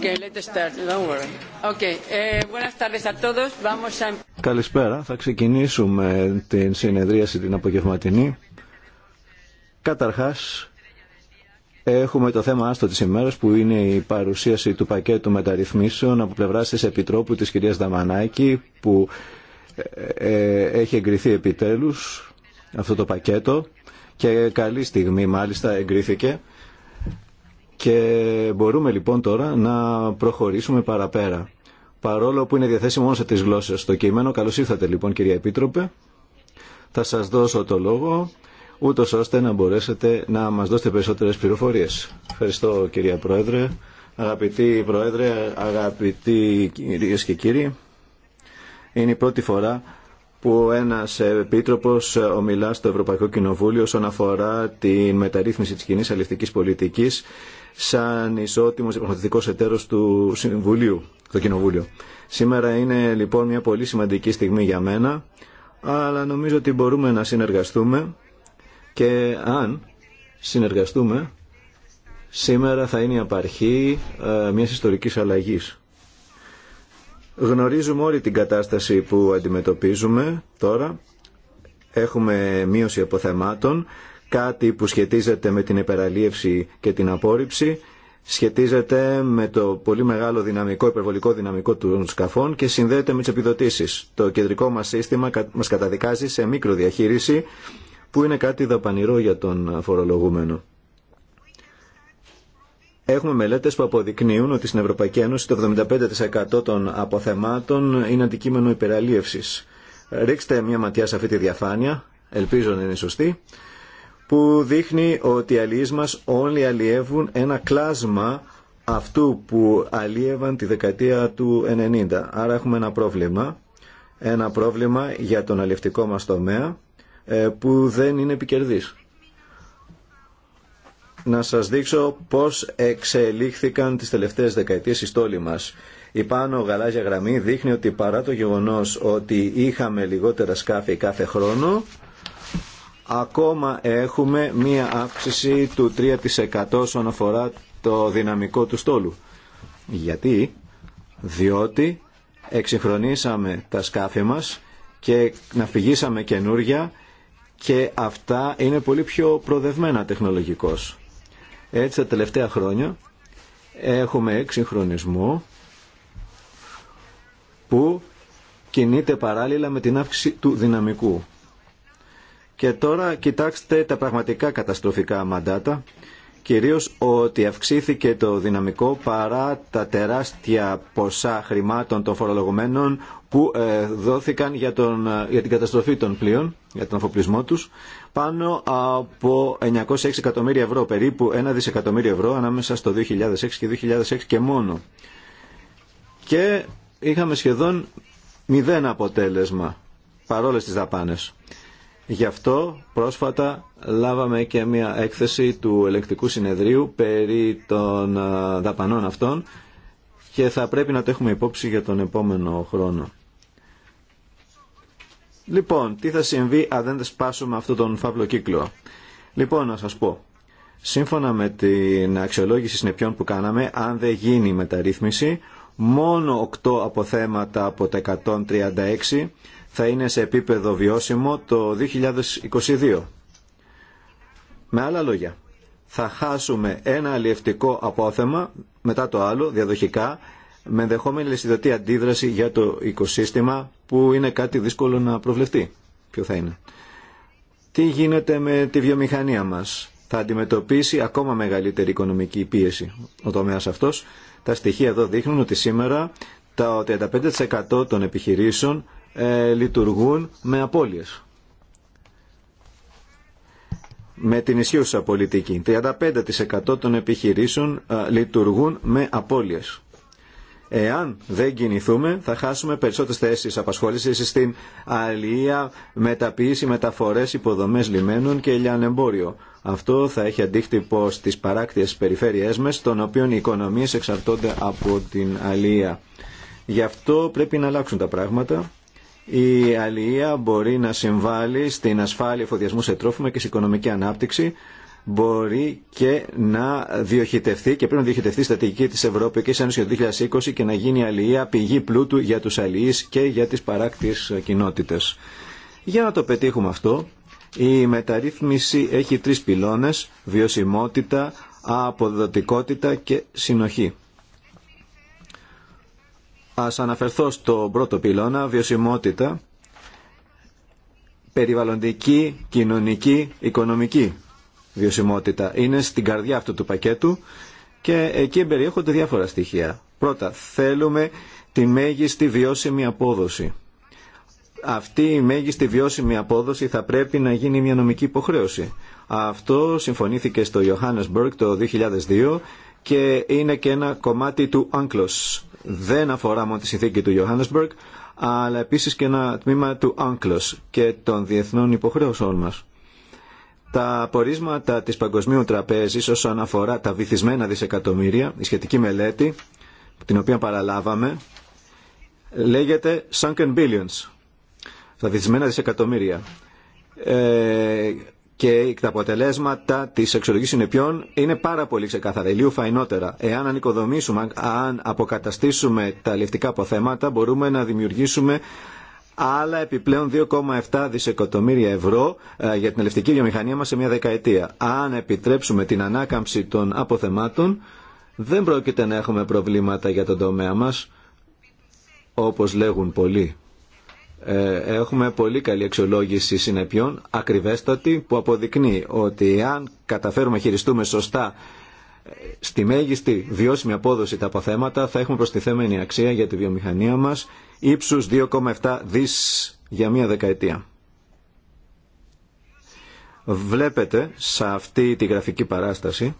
Eh, Καλησπέρα. Θα ξεκινήσουμε την συνεδρίαση την απογευματινή. Καταρχάς, έχουμε το θέμα άστο της ημέρας που είναι η παρουσίαση του πακέτου μεταρρυθμίσεων από πλευρά της Επιτρόπου της κυρίας Δαμανάκη που ε, ε, έχει εγκριθεί επιτέλους αυτό το πακέτο και καλή στιγμή μάλιστα εγκρίθηκε. Και μπορούμε λοιπόν τώρα να προχωρήσουμε παραπέρα. Παρόλο που είναι διαθέσιμο μόνο σε τρει γλώσσε το κείμενο, καλώ ήρθατε λοιπόν κυρία Επίτροπε. Θα σα δώσω το λόγο, ούτω ώστε να μπορέσετε να μα δώσετε περισσότερε πληροφορίε. Ευχαριστώ κυρία Πρόεδρε. Αγαπητοί Πρόεδρε, αγαπητοί κυρίε και κύριοι, είναι η πρώτη φορά που ένα επίτροπος ομιλά στο Ευρωπαϊκό Κοινοβούλιο όσον αφορά την μεταρρύθμιση τη κοινή αληθική πολιτική σαν ισότιμος υποχρεωτικό εταίρος του Συμβουλίου, του Κοινοβούλιο. Σήμερα είναι λοιπόν μια πολύ σημαντική στιγμή για μένα, αλλά νομίζω ότι μπορούμε να συνεργαστούμε και αν συνεργαστούμε, σήμερα θα είναι η απαρχή ε, μιας ιστορικής αλλαγής. Γνωρίζουμε όλη την κατάσταση που αντιμετωπίζουμε τώρα. Έχουμε μείωση αποθεμάτων κάτι που σχετίζεται με την υπεραλίευση και την απόρριψη, σχετίζεται με το πολύ μεγάλο δυναμικό, υπερβολικό δυναμικό των σκαφών και συνδέεται με τις επιδοτήσεις. Το κεντρικό μας σύστημα μας καταδικάζει σε μικροδιαχείριση που είναι κάτι δαπανηρό για τον φορολογούμενο. Έχουμε μελέτες που αποδεικνύουν ότι στην Ευρωπαϊκή Ένωση το 75% των αποθεμάτων είναι αντικείμενο υπεραλίευσης. Ρίξτε μια ματιά σε αυτή τη διαφάνεια, ελπίζω να είναι σωστή που δείχνει ότι οι αλληλείς μας όλοι αλλιεύουν ένα κλάσμα αυτού που αλλίευαν τη δεκαετία του 90. Άρα έχουμε ένα πρόβλημα, ένα πρόβλημα για τον αλληλευτικό μας τομέα ε, που δεν είναι επικερδής. Να σας δείξω πώς εξελίχθηκαν τις τελευταίες δεκαετίες οι στόλοι μας. Η πάνω γαλάζια γραμμή δείχνει ότι παρά το γεγονός ότι είχαμε λιγότερα σκάφη κάθε χρόνο, ακόμα έχουμε μία αύξηση του 3% όσον αφορά το δυναμικό του στόλου. Γιατί, διότι εξυγχρονίσαμε τα σκάφη μας και φυγήσαμε καινούρια και αυτά είναι πολύ πιο προδευμένα τεχνολογικώς. Έτσι τα τελευταία χρόνια έχουμε εξυγχρονισμό που κινείται παράλληλα με την αύξηση του δυναμικού. Και τώρα κοιτάξτε τα πραγματικά καταστροφικά μαντάτα, κυρίως ότι αυξήθηκε το δυναμικό παρά τα τεράστια ποσά χρημάτων των φορολογωμένων που ε, δόθηκαν για, τον, για την καταστροφή των πλοίων, για τον αφοπλισμό τους, πάνω από 906 εκατομμύρια ευρώ, περίπου 1 δισεκατομμύριο ευρώ ανάμεσα στο 2006 και 2006 και μόνο. Και είχαμε σχεδόν μηδέν αποτέλεσμα παρόλες τις δαπάνες. Γι' αυτό πρόσφατα λάβαμε και μια έκθεση του ελεκτικού συνεδρίου περί των δαπανών αυτών και θα πρέπει να το έχουμε υπόψη για τον επόμενο χρόνο. Λοιπόν, τι θα συμβεί αν δεν σπάσουμε αυτό τον φαύλο κύκλο. Λοιπόν, να σας πω. Σύμφωνα με την αξιολόγηση συνεπιών που κάναμε, αν δεν γίνει μεταρρύθμιση, μόνο 8 αποθέματα από τα 136 θα είναι σε επίπεδο βιώσιμο το 2022. Με άλλα λόγια, θα χάσουμε ένα αλλιευτικό απόθεμα μετά το άλλο διαδοχικά με ενδεχόμενη λεσιδωτή αντίδραση για το οικοσύστημα που είναι κάτι δύσκολο να προβλεφτεί. Ποιο θα είναι. Τι γίνεται με τη βιομηχανία μας. Θα αντιμετωπίσει ακόμα μεγαλύτερη οικονομική πίεση ο τομέας αυτός. Τα στοιχεία εδώ δείχνουν ότι σήμερα το 35% των επιχειρήσεων ε, λειτουργούν με απώλειες. Με την ισχύουσα πολιτική. 35% των επιχειρήσεων ε, λειτουργούν με απώλειες. Εάν δεν κινηθούμε θα χάσουμε περισσότερες θέσεις απασχόλησης στην αλληλεία, μεταποίηση, μεταφορές, υποδομές λιμένων και λιανεμπόριο. Αυτό θα έχει αντίκτυπο στις παράκτιες περιφέρειές μας, των οποίων οι οικονομίες εξαρτώνται από την αλληλεία. Γι' αυτό πρέπει να αλλάξουν τα πράγματα η αλληλεία μπορεί να συμβάλλει στην ασφάλεια εφοδιασμού σε τρόφιμα και σε οικονομική ανάπτυξη. Μπορεί και να διοχετευτεί και πρέπει να διοχετευτεί η στρατηγική τη Ευρωπαϊκή Ένωση για το 2020 και να γίνει αλληλεία πηγή πλούτου για του αλληλεί και για τι παράκτιε κοινότητε. Για να το πετύχουμε αυτό, η μεταρρύθμιση έχει τρει πυλώνε: βιωσιμότητα, αποδοτικότητα και συνοχή. Ας αναφερθώ στο πρώτο πυλώνα, βιωσιμότητα, περιβαλλοντική, κοινωνική, οικονομική βιωσιμότητα. Είναι στην καρδιά αυτού του πακέτου και εκεί περιέχονται διάφορα στοιχεία. Πρώτα, θέλουμε τη μέγιστη βιώσιμη απόδοση. Αυτή η μέγιστη βιώσιμη απόδοση θα πρέπει να γίνει μια νομική υποχρέωση. Αυτό συμφωνήθηκε στο Johannesburg το 2002 και είναι και ένα κομμάτι του UNCLOS, δεν αφορά μόνο τη συνθήκη του Johannesburg, αλλά επίσης και ένα τμήμα του UNCLOS και των διεθνών υποχρέωσεών μας. Τα απορίσματα της Παγκοσμίου Τραπέζης όσον αφορά τα βυθισμένα δισεκατομμύρια, η σχετική μελέτη, την οποία παραλάβαμε, λέγεται Sunken Billions, τα βυθισμένα δισεκατομμύρια. Ε, και τα αποτελέσματα τη εξοργή συνεπειών είναι πάρα πολύ ξεκάθαρα, ηλίου φαϊνότερα. Εάν ανοικοδομήσουμε, αν αποκαταστήσουμε τα λεφτικά αποθέματα, μπορούμε να δημιουργήσουμε άλλα επιπλέον 2,7 δισεκατομμύρια ευρώ ε, για την λεφτική βιομηχανία μας σε μια δεκαετία. Αν επιτρέψουμε την ανάκαμψη των αποθεμάτων, δεν πρόκειται να έχουμε προβλήματα για τον τομέα μας, όπως λέγουν πολλοί. Ε, έχουμε πολύ καλή αξιολόγηση συνεπιών, ακριβέστατη, που αποδεικνύει ότι αν καταφέρουμε χειριστούμε σωστά ε, στη μέγιστη βιώσιμη απόδοση τα αποθέματα, θα έχουμε προστιθέμενη αξία για τη βιομηχανία μας ύψους 2,7 δις για μία δεκαετία. Βλέπετε σε αυτή τη γραφική παράσταση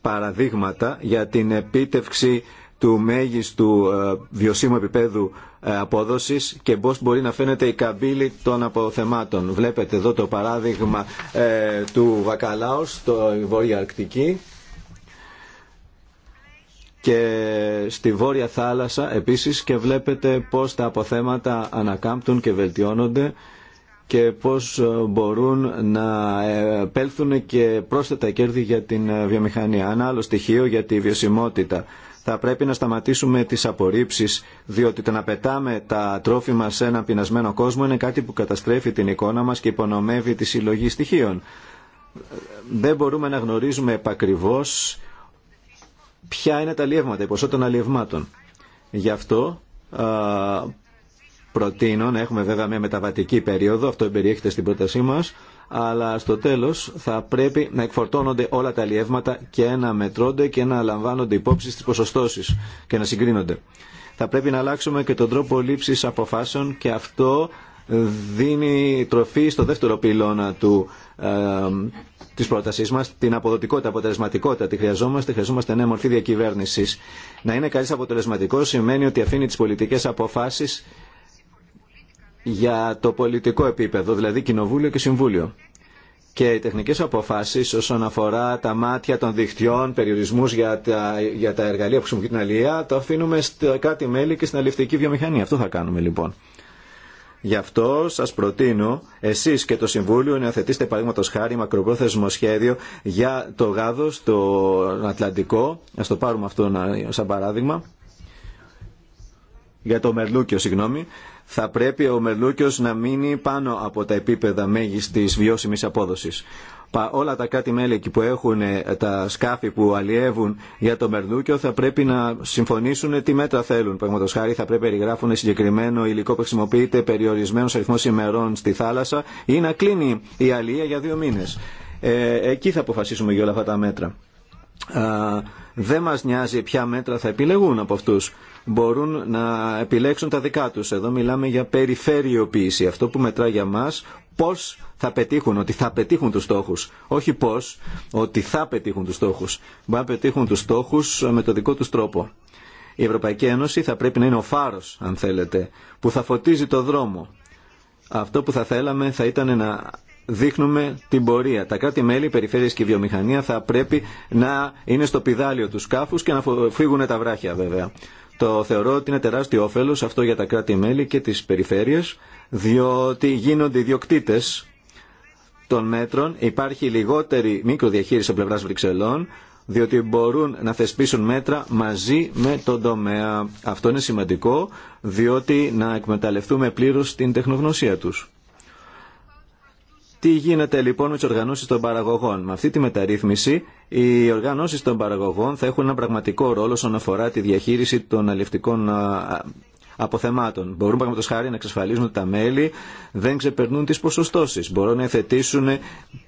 παραδείγματα για την επίτευξη του μέγιστου ε, βιωσίμου επίπεδου ε, απόδοσης και πώς μπορεί να φαίνεται η καμπύλη των αποθεμάτων. Βλέπετε εδώ το παράδειγμα ε, του Βακαλάου στο Βόρεια Αρκτική και στη Βόρεια Θάλασσα επίσης και βλέπετε πώς τα αποθέματα ανακάμπτουν και βελτιώνονται και πώς μπορούν να επέλθουν και πρόσθετα κέρδη για την βιομηχανία. Ένα άλλο στοιχείο για τη βιωσιμότητα θα πρέπει να σταματήσουμε τις απορρίψεις, διότι το να πετάμε τα τρόφιμα σε έναν πεινασμένο κόσμο είναι κάτι που καταστρέφει την εικόνα μας και υπονομεύει τη συλλογή στοιχείων. Δεν μπορούμε να γνωρίζουμε επακριβώς ποια είναι τα αλλιεύματα, η ποσότητα των αλλιευμάτων. Γι' αυτό προτείνω να έχουμε βέβαια μια μεταβατική περίοδο, αυτό περιέχεται στην πρότασή μας, αλλά στο τέλος θα πρέπει να εκφορτώνονται όλα τα αλλιεύματα και να μετρώνται και να λαμβάνονται υπόψη στις ποσοστώσεις και να συγκρίνονται. Θα πρέπει να αλλάξουμε και τον τρόπο λήψης αποφάσεων και αυτό δίνει τροφή στο δεύτερο πυλώνα του, ε, της πρότασής μας, την αποδοτικότητα, αποτελεσματικότητα. Τη χρειαζόμαστε, χρειαζόμαστε νέα μορφή διακυβέρνησης. Να είναι καλής αποτελεσματικός σημαίνει ότι αφήνει τις πολιτικές αποφάσεις για το πολιτικό επίπεδο, δηλαδή Κοινοβούλιο και Συμβούλιο. Και οι τεχνικές αποφάσεις όσον αφορά τα μάτια των δικτυών, περιορισμούς για τα, για τα εργαλεία που χρησιμοποιεί την αλληλεία, το αφήνουμε στα κάτι μέλη και στην αλληλευτική βιομηχανία. Αυτό θα κάνουμε λοιπόν. Γι' αυτό σα προτείνω εσεί και το Συμβούλιο να θετήσετε παραδείγματο χάρη μακροπρόθεσμο σχέδιο για το γάδο το Ατλαντικό. Α το πάρουμε αυτό σαν παράδειγμα. Για το Μερλούκιο, συγγνώμη θα πρέπει ο μελούκιος να μείνει πάνω από τα επίπεδα μέγιστης βιώσιμης απόδοσης. Όλα τα κάτι μελη εκεί που έχουν ε, τα σκάφη που αλλιεύουν για το μερλούκιο θα πρέπει να συμφωνήσουν τι μέτρα θέλουν. Παραδείγματο χάρη θα πρέπει να περιγράφουν συγκεκριμένο υλικό που χρησιμοποιείται περιορισμένο αριθμό ημερών στη θάλασσα ή να κλείνει η να κλεινει η αλλιεια για δύο μήνε. Ε, εκεί θα αποφασίσουμε για όλα αυτά τα μέτρα. Δεν μας νοιάζει ποια μέτρα θα επιλεγούν από αυτούς. Μπορούν να επιλέξουν τα δικά τους. Εδώ μιλάμε για περιφερειοποίηση. Αυτό που μετρά για μας πώς θα πετύχουν, ότι θα πετύχουν τους στόχους. Όχι πώς, ότι θα πετύχουν τους στόχους. Μπορεί να πετύχουν τους στόχους με το δικό τους τρόπο. Η Ευρωπαϊκή Ένωση θα πρέπει να είναι ο φάρος, αν θέλετε, που θα φωτίζει το δρόμο. Αυτό που θα θέλαμε θα ήταν να δείχνουμε την πορεία. Τα κράτη-μέλη, οι περιφέρειες και η βιομηχανία θα πρέπει να είναι στο πιδάλιο του σκάφους και να φύγουν τα βράχια βέβαια. Το θεωρώ ότι είναι τεράστιο όφελος αυτό για τα κράτη-μέλη και τις περιφέρειες, διότι γίνονται ιδιοκτήτες των μέτρων, υπάρχει λιγότερη μικροδιαχείριση από πλευράς Βρυξελών, διότι μπορούν να θεσπίσουν μέτρα μαζί με τον τομέα. Αυτό είναι σημαντικό, διότι να εκμεταλλευτούμε πλήρως την τεχνογνωσία τους. Τι γίνεται λοιπόν με τι οργανώσει των παραγωγών. Με αυτή τη μεταρρύθμιση, οι οργανώσει των παραγωγών θα έχουν ένα πραγματικό ρόλο όσον αφορά τη διαχείριση των αλευτικών αποθεμάτων. Μπορούν παραδείγματο χάρη να εξασφαλίσουν ότι τα μέλη δεν ξεπερνούν τι ποσοστώσει. Μπορούν να εθετήσουν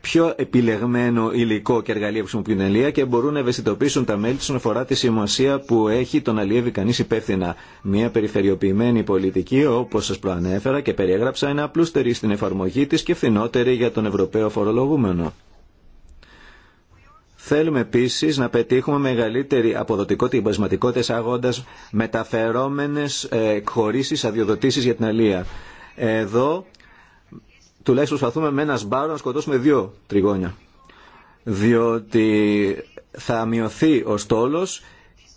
πιο επιλεγμένο υλικό και εργαλεία που χρησιμοποιούν την ελεία και μπορούν να ευαισθητοποιήσουν τα μέλη του αφορά τη σημασία που έχει το να λιεύει κανεί υπεύθυνα. Μια περιφερειοποιημένη πολιτική, όπω σα προανέφερα και περιέγραψα, είναι απλούστερη στην εφαρμογή τη και φθηνότερη για τον Ευρωπαίο φορολογούμενο. Θέλουμε επίση να πετύχουμε μεγαλύτερη αποδοτικότητα και εμπασματικότητα εισάγοντα μεταφερόμενε ε, εκχωρήσει, αδειοδοτήσει για την αλεία. Εδώ τουλάχιστον προσπαθούμε με ένα σπάρο να σκοτώσουμε δύο τριγώνια. Διότι θα μειωθεί ο στόλος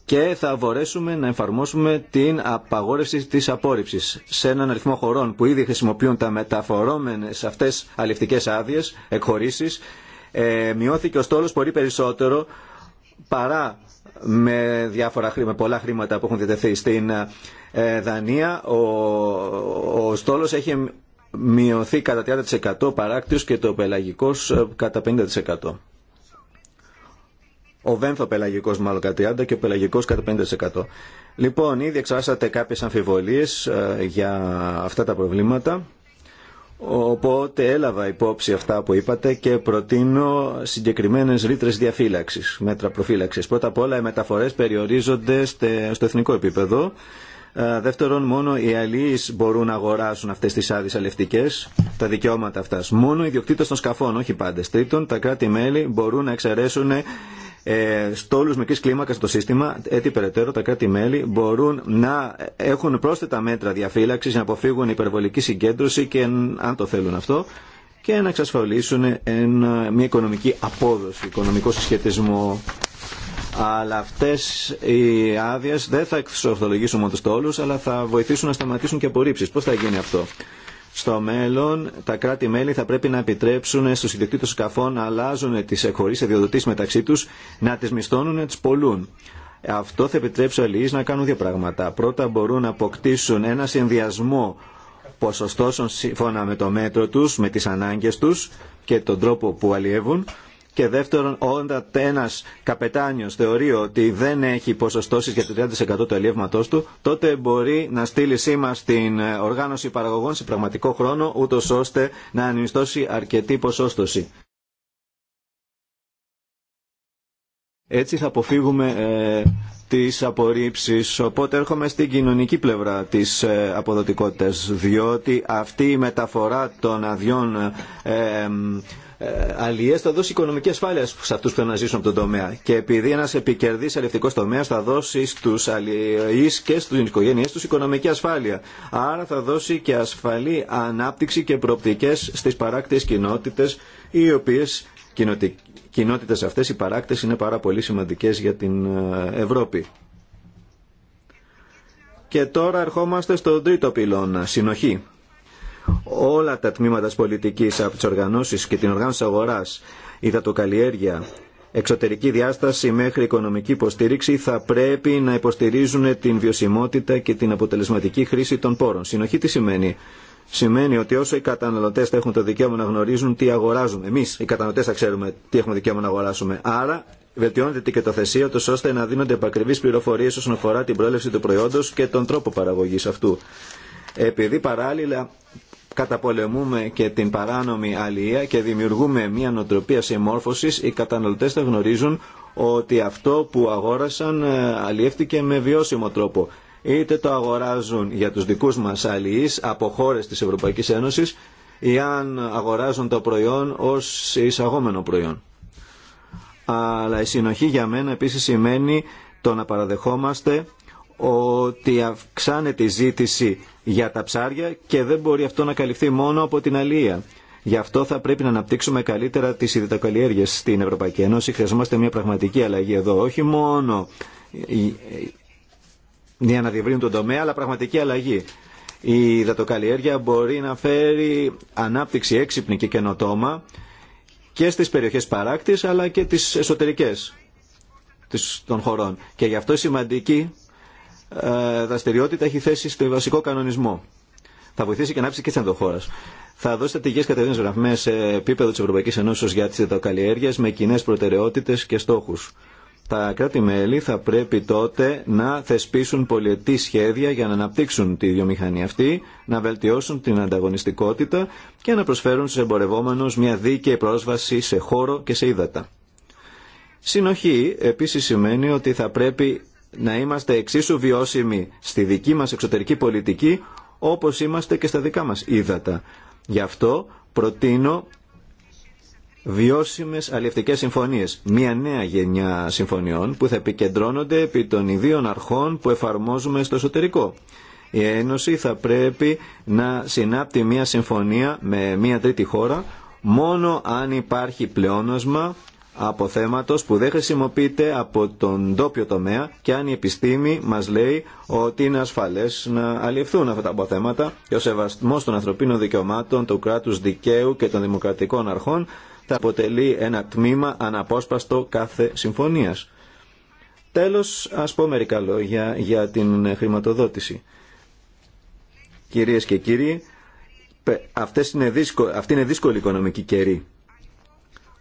και θα μπορέσουμε να εφαρμόσουμε την απαγόρευση της απόρριψη. σε έναν αριθμό χωρών που ήδη χρησιμοποιούν τα μεταφορόμενε αυτέ αληφτικέ άδειε, εκχωρήσει. Ε, μειώθηκε ο στόλος πολύ περισσότερο παρά με, διάφορα, με πολλά χρήματα που έχουν διατεθεί στην ε, Δανία. Ο, ο στόλος έχει μειωθεί κατά 30% παράκτιος και το πελαγικός ε, κατά 50%. Ο βένθο πελαγικός μάλλον κατά 30% και ο πελαγικός κατά 50%. Λοιπόν, ήδη εξάσατε κάποιες αμφιβολίες για αυτά τα προβλήματα. Οπότε έλαβα υπόψη αυτά που είπατε και προτείνω συγκεκριμένες ρήτρε διαφύλαξης, μέτρα προφύλαξης. Πρώτα απ' όλα οι μεταφορές περιορίζονται στο εθνικό επίπεδο. Δεύτερον, μόνο οι αλληλείς μπορούν να αγοράσουν αυτές τις άδειες αλευτικές, τα δικαιώματα αυτά. Μόνο οι διοκτήτες των σκαφών, όχι πάντες. Τρίτον, τα κράτη-μέλη μπορούν να εξαιρέσουν ε, στόλου μικρή κλίμακα στο σύστημα, έτσι ε, περαιτέρω τα κράτη-μέλη μπορούν να έχουν πρόσθετα μέτρα διαφύλαξη να αποφύγουν υπερβολική συγκέντρωση και αν το θέλουν αυτό και να εξασφαλίσουν ένα, μια οικονομική απόδοση, οικονομικό συσχετισμό. Αλλά αυτέ οι άδειε δεν θα εξορθολογήσουν μόνο του τόλου, αλλά θα βοηθήσουν να σταματήσουν και απορρίψει. Πώ θα γίνει αυτό. Στο μέλλον, τα κράτη-μέλη θα πρέπει να επιτρέψουν στους ιδιοκτήτες σκαφών να αλλάζουν τις χωρίς αδειοδοτήσεις μεταξύ τους, να τις μισθώνουν, να τις πολλούν. Αυτό θα επιτρέψει Αλληλής να κάνουν δύο πράγματα. Πρώτα μπορούν να αποκτήσουν ένα συνδυασμό ποσοστώσεων σύμφωνα με το μέτρο τους, με τις ανάγκες τους και τον τρόπο που αλλιεύουν και δεύτερον, όταν ένα καπετάνιο θεωρεί ότι δεν έχει ποσοστώσει για το 30% του ελίευματός του, τότε μπορεί να στείλει σήμα στην ε, οργάνωση παραγωγών σε πραγματικό χρόνο, ούτω ώστε να ανιστώσει αρκετή ποσόστοση. Έτσι θα αποφύγουμε ε, τις απορρίψεις. Οπότε έρχομαι στην κοινωνική πλευρά της ε, διότι αυτή η μεταφορά των αδειών ε, ε, ε, Αλλιέ θα δώσει οικονομική ασφάλεια σε αυτού που θέλουν να ζήσουν από τον τομέα. Και επειδή ένα επικερδής αλληλευτικός τομέας θα δώσει στους αλληλείς και στους οικογένειε του οικονομική ασφάλεια. Άρα θα δώσει και ασφαλή ανάπτυξη και προοπτικές στις παράκτε κοινότητες οι οποίες κοινότητες αυτές, οι παράκτες είναι πάρα πολύ σημαντικέ για την ε, Ευρώπη. Και τώρα ερχόμαστε στον τρίτο πυλώνα, συνοχή όλα τα τμήματα της πολιτικής από τις οργανώσεις και την οργάνωση αγοράς, υδατοκαλλιέργεια, εξωτερική διάσταση μέχρι οικονομική υποστήριξη θα πρέπει να υποστηρίζουν την βιωσιμότητα και την αποτελεσματική χρήση των πόρων. Συνοχή τι σημαίνει. Σημαίνει ότι όσο οι καταναλωτέ θα έχουν το δικαίωμα να γνωρίζουν τι αγοράζουμε, εμεί οι καταναλωτέ θα ξέρουμε τι έχουμε δικαίωμα να αγοράσουμε. Άρα βελτιώνεται και το του ώστε να δίνονται επακριβεί πληροφορίε όσον αφορά την πρόλευση του προϊόντο και τον τρόπο παραγωγή αυτού. Επειδή παράλληλα καταπολεμούμε και την παράνομη αλληλεία και δημιουργούμε μια νοοτροπία συμμόρφωσης, οι καταναλωτέ θα γνωρίζουν ότι αυτό που αγόρασαν ε, αλλιεύτηκε με βιώσιμο τρόπο. Είτε το αγοράζουν για τους δικούς μας αλληλείς από χώρες της Ευρωπαϊκής Ένωσης ή αν αγοράζουν το προϊόν ως εισαγόμενο προϊόν. Αλλά η συνοχή για μένα επίσης σημαίνει το να παραδεχόμαστε ότι αυξάνεται η ζήτηση για τα ψάρια και δεν μπορεί αυτό να καλυφθεί μόνο από την αλία. Γι' αυτό θα πρέπει να αναπτύξουμε καλύτερα τις ιδετοκαλλιέργειες στην Ευρωπαϊκή Ένωση. Χρειαζόμαστε μια πραγματική αλλαγή εδώ, όχι μόνο για να διευρύνουν τον τομέα, αλλά πραγματική αλλαγή. Η υδατοκαλλιέργεια μπορεί να φέρει ανάπτυξη έξυπνη και καινοτόμα και στις περιοχές παράκτης αλλά και τις εσωτερικές των χωρών. Και γι' αυτό σημαντική ε, δραστηριότητα έχει θέσει στο βασικό κανονισμό. Θα βοηθήσει και ανάπτυξη και τη ενδοχώρα. Θα δώσει στρατηγικέ κατευθύνσει γραμμέ σε επίπεδο τη Ευρωπαϊκή Ενώσεω για τι διδοκαλλιέργειε με κοινέ προτεραιότητε και στόχου. Τα κράτη-μέλη θα πρέπει τότε να θεσπίσουν πολιετή σχέδια για να αναπτύξουν τη βιομηχανία αυτή, να βελτιώσουν την ανταγωνιστικότητα και να προσφέρουν στους εμπορευόμενους μια δίκαιη πρόσβαση σε χώρο και σε ύδατα. Συνοχή επίση σημαίνει ότι θα πρέπει να είμαστε εξίσου βιώσιμοι στη δική μας εξωτερική πολιτική όπως είμαστε και στα δικά μας ύδατα. Γι' αυτό προτείνω βιώσιμες αλληλευτικές συμφωνίες. Μια νέα γενιά συμφωνιών που θα επικεντρώνονται επί των ιδίων αρχών που εφαρμόζουμε στο εσωτερικό. Η Ένωση θα πρέπει να συνάπτει μια συμφωνία με μια τρίτη χώρα μόνο αν υπάρχει πλεόνασμα από που δεν χρησιμοποιείται από τον τόπιο τομέα και αν η επιστήμη μας λέει ότι είναι ασφαλές να αλληλευθούν αυτά τα αποθέματα και ο σεβασμός των ανθρωπίνων δικαιωμάτων, του κράτους δικαίου και των δημοκρατικών αρχών θα αποτελεί ένα τμήμα αναπόσπαστο κάθε συμφωνίας. Τέλος, ας πω μερικά λόγια για την χρηματοδότηση. Κυρίες και κύριοι, είναι αυτή είναι δύσκολη οικονομική καιρή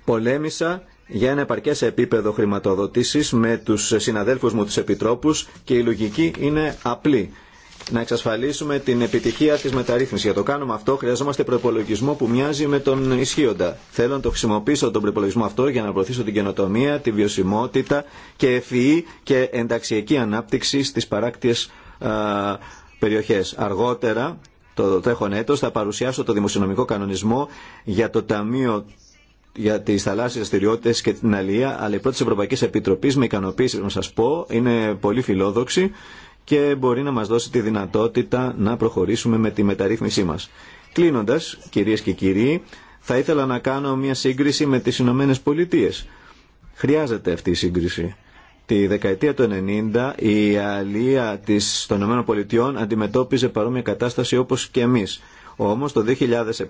πολέμησα για ένα επαρκέ επίπεδο χρηματοδότηση με του συναδέλφου μου του επιτρόπους και η λογική είναι απλή. Να εξασφαλίσουμε την επιτυχία τη μεταρρύθμισης. Για το κάνουμε αυτό χρειαζόμαστε προπολογισμό που μοιάζει με τον ισχύοντα. Θέλω να το χρησιμοποιήσω τον προπολογισμό αυτό για να προωθήσω την καινοτομία, τη βιωσιμότητα και ευφυή και ενταξιακή ανάπτυξη στι παράκτιε περιοχέ. Αργότερα, το τρέχον έτος, θα παρουσιάσω το δημοσιονομικό κανονισμό για το Ταμείο για τι θαλάσσιε δραστηριότητε και την αλληλεία, αλλά η πρώτη Ευρωπαϊκή Επιτροπή, με ικανοποίηση να σα πω, είναι πολύ φιλόδοξη και μπορεί να μα δώσει τη δυνατότητα να προχωρήσουμε με τη μεταρρύθμισή μα. Κλείνοντα, κυρίε και κύριοι, θα ήθελα να κάνω μια σύγκριση με τι Ηνωμένε Πολιτείε. Χρειάζεται αυτή η σύγκριση. Τη δεκαετία του 90 η αλληλεία των Ηνωμένων Πολιτειών αντιμετώπιζε παρόμοια κατάσταση όπως και εμείς. Όμως το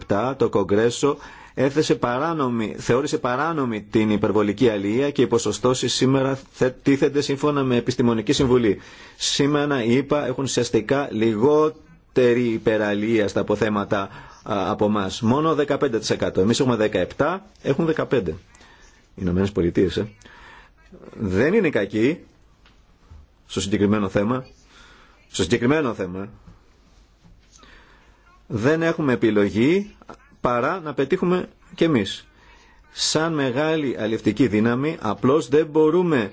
2007 το Κογκρέσο έθεσε παράνομη, θεώρησε παράνομη την υπερβολική αλληλεία και οι ποσοστώσεις σήμερα τίθενται σύμφωνα με επιστημονική συμβουλή. Σήμερα οι έχουν ουσιαστικά λιγότερη υπεραλληλεία στα αποθέματα από εμά. Μόνο 15%. Εμείς έχουμε 17, έχουν 15. Οι Ηνωμένε Πολιτείε. Ε. Δεν είναι κακοί στο συγκεκριμένο θέμα. Στο συγκεκριμένο θέμα. Ε δεν έχουμε επιλογή παρά να πετύχουμε κι εμείς. Σαν μεγάλη αληφτική δύναμη απλώς δεν μπορούμε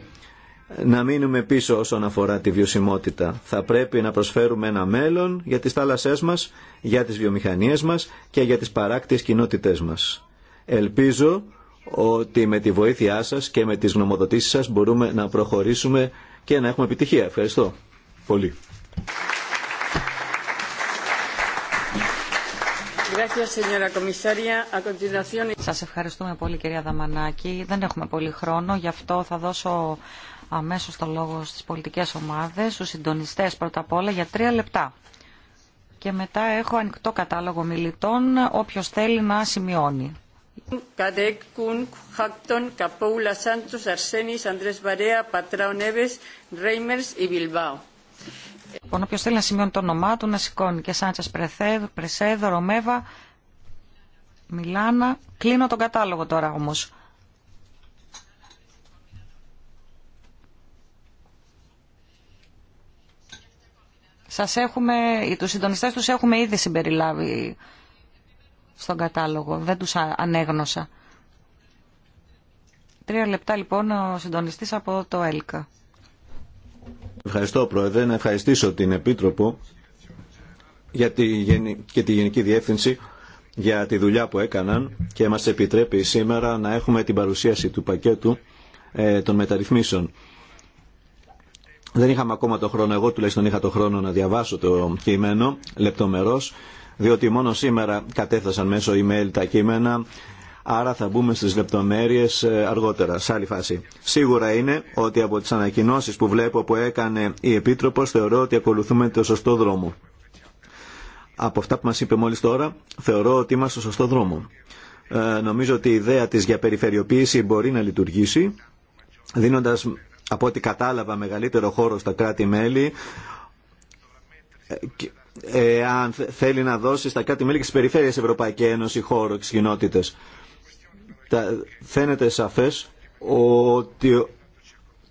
να μείνουμε πίσω όσον αφορά τη βιωσιμότητα. Θα πρέπει να προσφέρουμε ένα μέλλον για τις θάλασσές μας, για τις βιομηχανίες μας και για τις παράκτιες κοινότητές μας. Ελπίζω ότι με τη βοήθειά σας και με τις γνωμοδοτήσεις σας μπορούμε να προχωρήσουμε και να έχουμε επιτυχία. Ευχαριστώ πολύ. Σας ευχαριστούμε πολύ κυρία Δαμανάκη. Δεν έχουμε πολύ χρόνο, γι' αυτό θα δώσω αμέσως το λόγο στις πολιτικές ομάδες, στους συντονιστές πρώτα απ' όλα για τρία λεπτά. Και μετά έχω ανοιχτό κατάλογο μιλητών, όποιος θέλει να σημειώνει. Χάκτον, Αρσένης, Βαρέα, Νέβες, Ρέιμερς Λοιπόν, όποιο θέλει να σημειώνει το όνομά του, να σηκώνει και Σάντσα Πρεσέδο, Ρωμέβα, Μιλάνα. Κλείνω τον κατάλογο τώρα όμω. Σας έχουμε, τους συντονιστές τους έχουμε ήδη συμπεριλάβει στον κατάλογο. Δεν τους ανέγνωσα. Τρία λεπτά λοιπόν ο συντονιστής από το ΕΛΚΑ. Ευχαριστώ Πρόεδρε, να ευχαριστήσω την Επίτροπο για τη, και τη Γενική Διεύθυνση για τη δουλειά που έκαναν και μας επιτρέπει σήμερα να έχουμε την παρουσίαση του πακέτου ε, των μεταρρυθμίσεων. Δεν είχαμε ακόμα το χρόνο, εγώ τουλάχιστον είχα το χρόνο να διαβάσω το κείμενο λεπτομερώς, διότι μόνο σήμερα κατέφθασαν μέσω email τα κείμενα, Άρα θα μπούμε στις λεπτομέρειες ε, αργότερα, σε άλλη φάση. Σίγουρα είναι ότι από τις ανακοινώσεις που βλέπω που έκανε η Επίτροπος θεωρώ ότι ακολουθούμε το σωστό δρόμο. Από αυτά που μας είπε μόλις τώρα θεωρώ ότι είμαστε στο σωστό δρόμο. Ε, νομίζω ότι η ιδέα της για περιφερειοποίηση μπορεί να λειτουργήσει δίνοντας από ό,τι κατάλαβα μεγαλύτερο χώρο στα κράτη-μέλη ε, αν θέλει να δώσει στα κρατη μέλη και στι περιφέρειε Ευρωπαϊκή Ένωση χώρο και στι κοινότητε φαίνεται σαφές ότι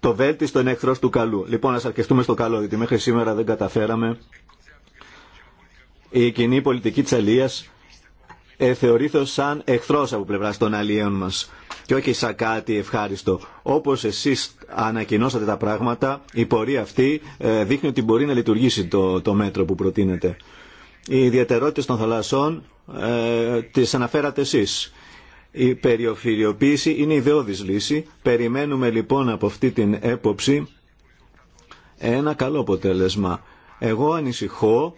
το βέλτιστο είναι εχθρός του καλού. Λοιπόν, ας αρκεστούμε στο καλό, γιατί μέχρι σήμερα δεν καταφέραμε. Η κοινή πολιτική της Αλίας ε, θεωρήθω σαν εχθρός από πλευράς των αλλιέων μας και όχι σαν κάτι ευχάριστο. Όπως εσείς ανακοινώσατε τα πράγματα, η πορεία αυτή ε, δείχνει ότι μπορεί να λειτουργήσει το, το μέτρο που προτείνεται. Οι ιδιαιτερότητες των θαλασσών ε, τις αναφέρατε εσείς η περιοφυριοποίηση είναι ιδεώδης λύση. Περιμένουμε λοιπόν από αυτή την έποψη ένα καλό αποτέλεσμα. Εγώ ανησυχώ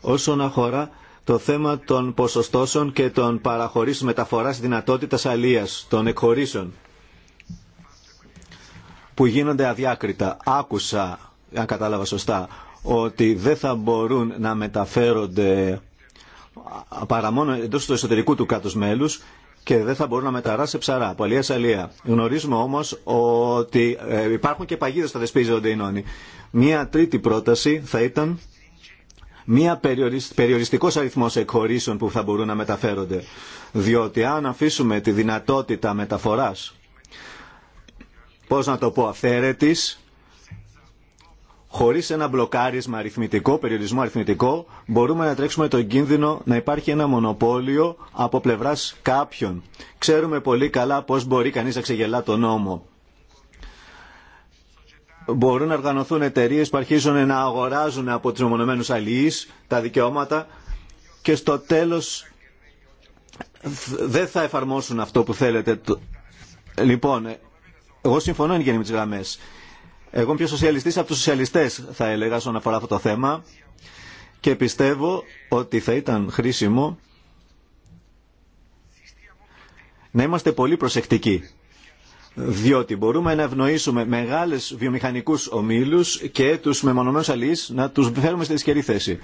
όσον αφορά το θέμα των ποσοστώσεων και των παραχωρήσεων μεταφοράς δυνατότητας αλίας, των εκχωρήσεων που γίνονται αδιάκριτα. Άκουσα, αν κατάλαβα σωστά, ότι δεν θα μπορούν να μεταφέρονται παρά μόνο εντός του εσωτερικού του κάτω μέλους και δεν θα μπορούν να μεταράσουν σε ψαρά Πολύ ασαλία. Γνωρίζουμε όμω ότι ε, υπάρχουν και παγίδε που δεσπίζονται οι νόνοι. Μία τρίτη πρόταση θα ήταν μία περιοριστικός αριθμός εκχωρήσεων που θα μπορούν να μεταφέρονται. Διότι αν αφήσουμε τη δυνατότητα μεταφοράς, πώς να το πω, αυθαίρετη, χωρίς ένα μπλοκάρισμα αριθμητικό, περιορισμό αριθμητικό, μπορούμε να τρέξουμε τον κίνδυνο να υπάρχει ένα μονοπόλιο από πλευράς κάποιων. Ξέρουμε πολύ καλά πώς μπορεί κανείς να ξεγελά τον νόμο. Μπορούν να οργανωθούν εταιρείε που αρχίζουν να αγοράζουν από του ομονωμένους αλληλεί τα δικαιώματα και στο τέλο, δεν θα εφαρμόσουν αυτό που θέλετε. Λοιπόν, ε, εγώ συμφωνώ εν γέννη με τι γραμμέ. Εγώ είμαι πιο σοσιαλιστής από τους σοσιαλιστές θα έλεγα όσον αφορά αυτό το θέμα και πιστεύω ότι θα ήταν χρήσιμο να είμαστε πολύ προσεκτικοί διότι μπορούμε να ευνοήσουμε μεγάλες βιομηχανικούς ομίλους και τους μεμονωμένους αλληλείς να τους φέρουμε στη δυσκερή θέση.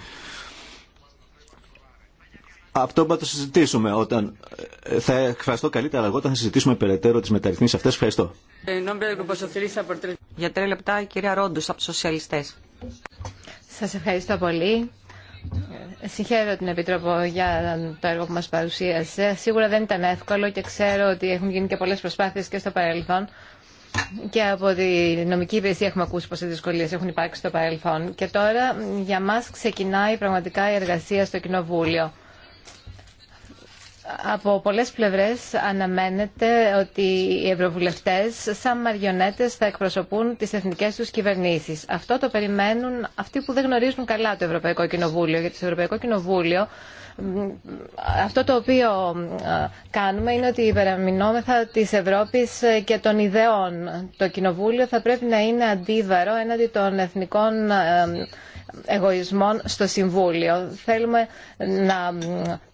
Αυτό θα το συζητήσουμε όταν ε, θα εκφραστώ καλύτερα όταν θα συζητήσουμε περαιτέρω τις μεταρρυθμίσεις αυτές. Ευχαριστώ. Για τρία λεπτά η κυρία Ρόντους από τους Σοσιαλιστές. Σας ευχαριστώ πολύ. Ε, συγχαίρω την Επίτροπο για το έργο που μας παρουσίασε. Σίγουρα δεν ήταν εύκολο και ξέρω ότι έχουν γίνει και πολλές προσπάθειες και στο παρελθόν. Και από τη νομική υπηρεσία έχουμε ακούσει πόσε δυσκολίε έχουν υπάρξει στο παρελθόν. Και τώρα για μα ξεκινάει πραγματικά η εργασία στο Κοινοβούλιο από πολλές πλευρές αναμένεται ότι οι ευρωβουλευτές σαν μαριονέτες θα εκπροσωπούν τις εθνικές τους κυβερνήσεις. Αυτό το περιμένουν αυτοί που δεν γνωρίζουν καλά το Ευρωπαϊκό Κοινοβούλιο, γιατί το Ευρωπαϊκό Κοινοβούλιο αυτό το οποίο κάνουμε είναι ότι υπεραμεινόμεθα της Ευρώπης και των ιδεών. Το Κοινοβούλιο θα πρέπει να είναι αντίβαρο έναντι των εθνικών ε, εγωισμών στο Συμβούλιο. Θέλουμε να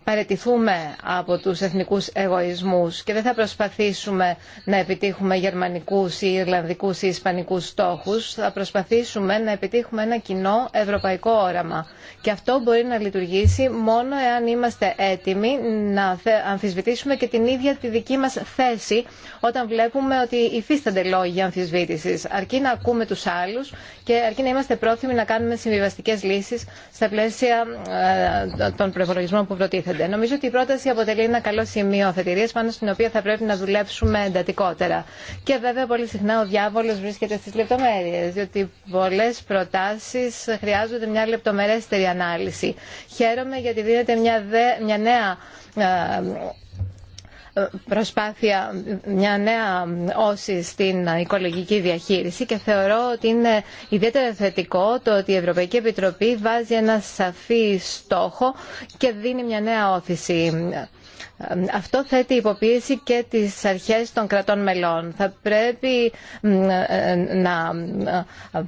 παρετηθούμε από τους εθνικούς εγωισμούς και δεν θα προσπαθήσουμε να επιτύχουμε γερμανικούς ή ιρλανδικούς ή ισπανικούς στόχους, θα προσπαθήσουμε να επιτύχουμε ένα κοινό ευρωπαϊκό όραμα. Και αυτό μπορεί να λειτουργήσει μόνο εάν είμαστε έτοιμοι να αμφισβητήσουμε και την ίδια τη δική μας θέση όταν βλέπουμε ότι υφίστανται λόγια αμφισβήτησης. Αρκεί να ακούμε τους άλλους και αρκεί να είμαστε πρόθυμοι να κάνουμε συμβιβαστικές λύσεις στα πλαίσια ε, των προπολογισμών που προτίθεται. Νομίζω ότι η πρόταση αποτελεί ένα καλό σημείο θετηρία πάνω στην οποία θα πρέπει να δουλέψουμε εντατικότερα. Και βέβαια πολύ συχνά ο διάβολο βρίσκεται στι λεπτομέρειε, διότι πολλέ προτάσει χρειάζονται μια λεπτομερέστερη ανάλυση. Χαίρομαι γιατί δίνεται μια νέα ε, προσπάθεια, μια νέα όση στην οικολογική διαχείριση και θεωρώ ότι είναι ιδιαίτερα θετικό το ότι η Ευρωπαϊκή Επιτροπή βάζει ένα σαφή στόχο και δίνει μια νέα όθηση. Αυτό θέτει υποποίηση και τις αρχές των κρατών μελών. Θα πρέπει ε, να ε, ε,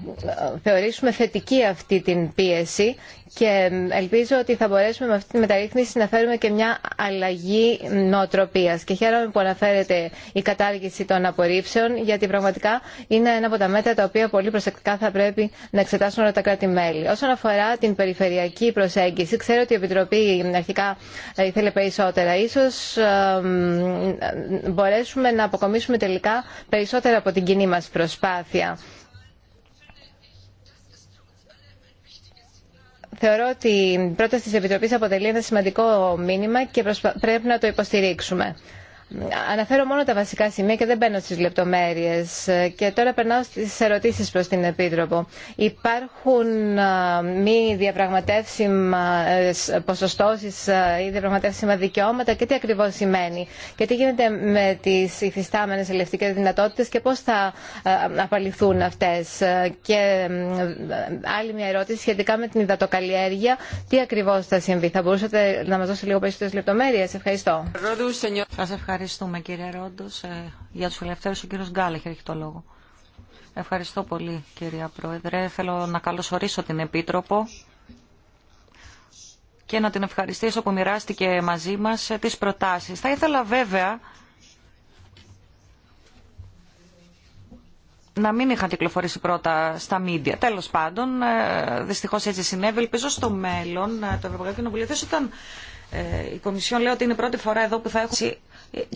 θεωρήσουμε θετική αυτή την πίεση και ελπίζω ότι θα μπορέσουμε με αυτή τη μεταρρύθμιση να φέρουμε και μια αλλαγή νοοτροπίας και χαίρομαι που αναφέρεται η κατάργηση των απορρίψεων γιατί πραγματικά είναι ένα από τα μέτρα τα οποία πολύ προσεκτικά θα πρέπει να εξετάσουν όλα τα κράτη-μέλη. Όσον αφορά την περιφερειακή προσέγγιση, ξέρω ότι η Επιτροπή αρχικά ε, ήθελε περισσότερα. Ίσως μπορέσουμε να αποκομίσουμε τελικά περισσότερα από την κοινή μας προσπάθεια. θεωρώ ότι η πρόταση τη Επιτροπή αποτελεί ένα σημαντικό μήνυμα και πρέπει να το υποστηρίξουμε. Αναφέρω μόνο τα βασικά σημεία και δεν μπαίνω στις λεπτομέρειες. Και τώρα περνάω στις ερωτήσεις προς την Επίτροπο. Υπάρχουν μη διαπραγματεύσιμα ε, ποσοστώσεις ε, ή διαπραγματεύσιμα δικαιώματα και τι ακριβώς σημαίνει. Και τι γίνεται με τις υφιστάμενες ελευτικές δυνατότητες και πώς θα ε, απαλληθούν αυτές. Και άλλη μια ερώτηση σχετικά με την υδατοκαλλιέργεια. Τι ακριβώς θα συμβεί. Θα μπορούσατε να μας δώσετε λίγο περισσότερες λεπτομέρειες. Ευχαριστώ. Σας ευχαριστώ Ευχαριστούμε κύριε Ρόντος. Ε, για τους ελευθέρους ο κύριος Γκάλεχερ έχει το λόγο. Ευχαριστώ πολύ κυρία Πρόεδρε. Θέλω να καλωσορίσω την Επίτροπο και να την ευχαριστήσω που μοιράστηκε μαζί μας ε, τις προτάσεις. Θα ήθελα βέβαια να μην είχαν κυκλοφορήσει πρώτα στα μίντια. Τέλος πάντων, ε, δυστυχώς έτσι συνέβη. Ελπίζω στο μέλλον το Ευρωπαϊκό Κοινοβουλίο. η Κομισιόν λέει ότι είναι πρώτη φορά εδώ που θα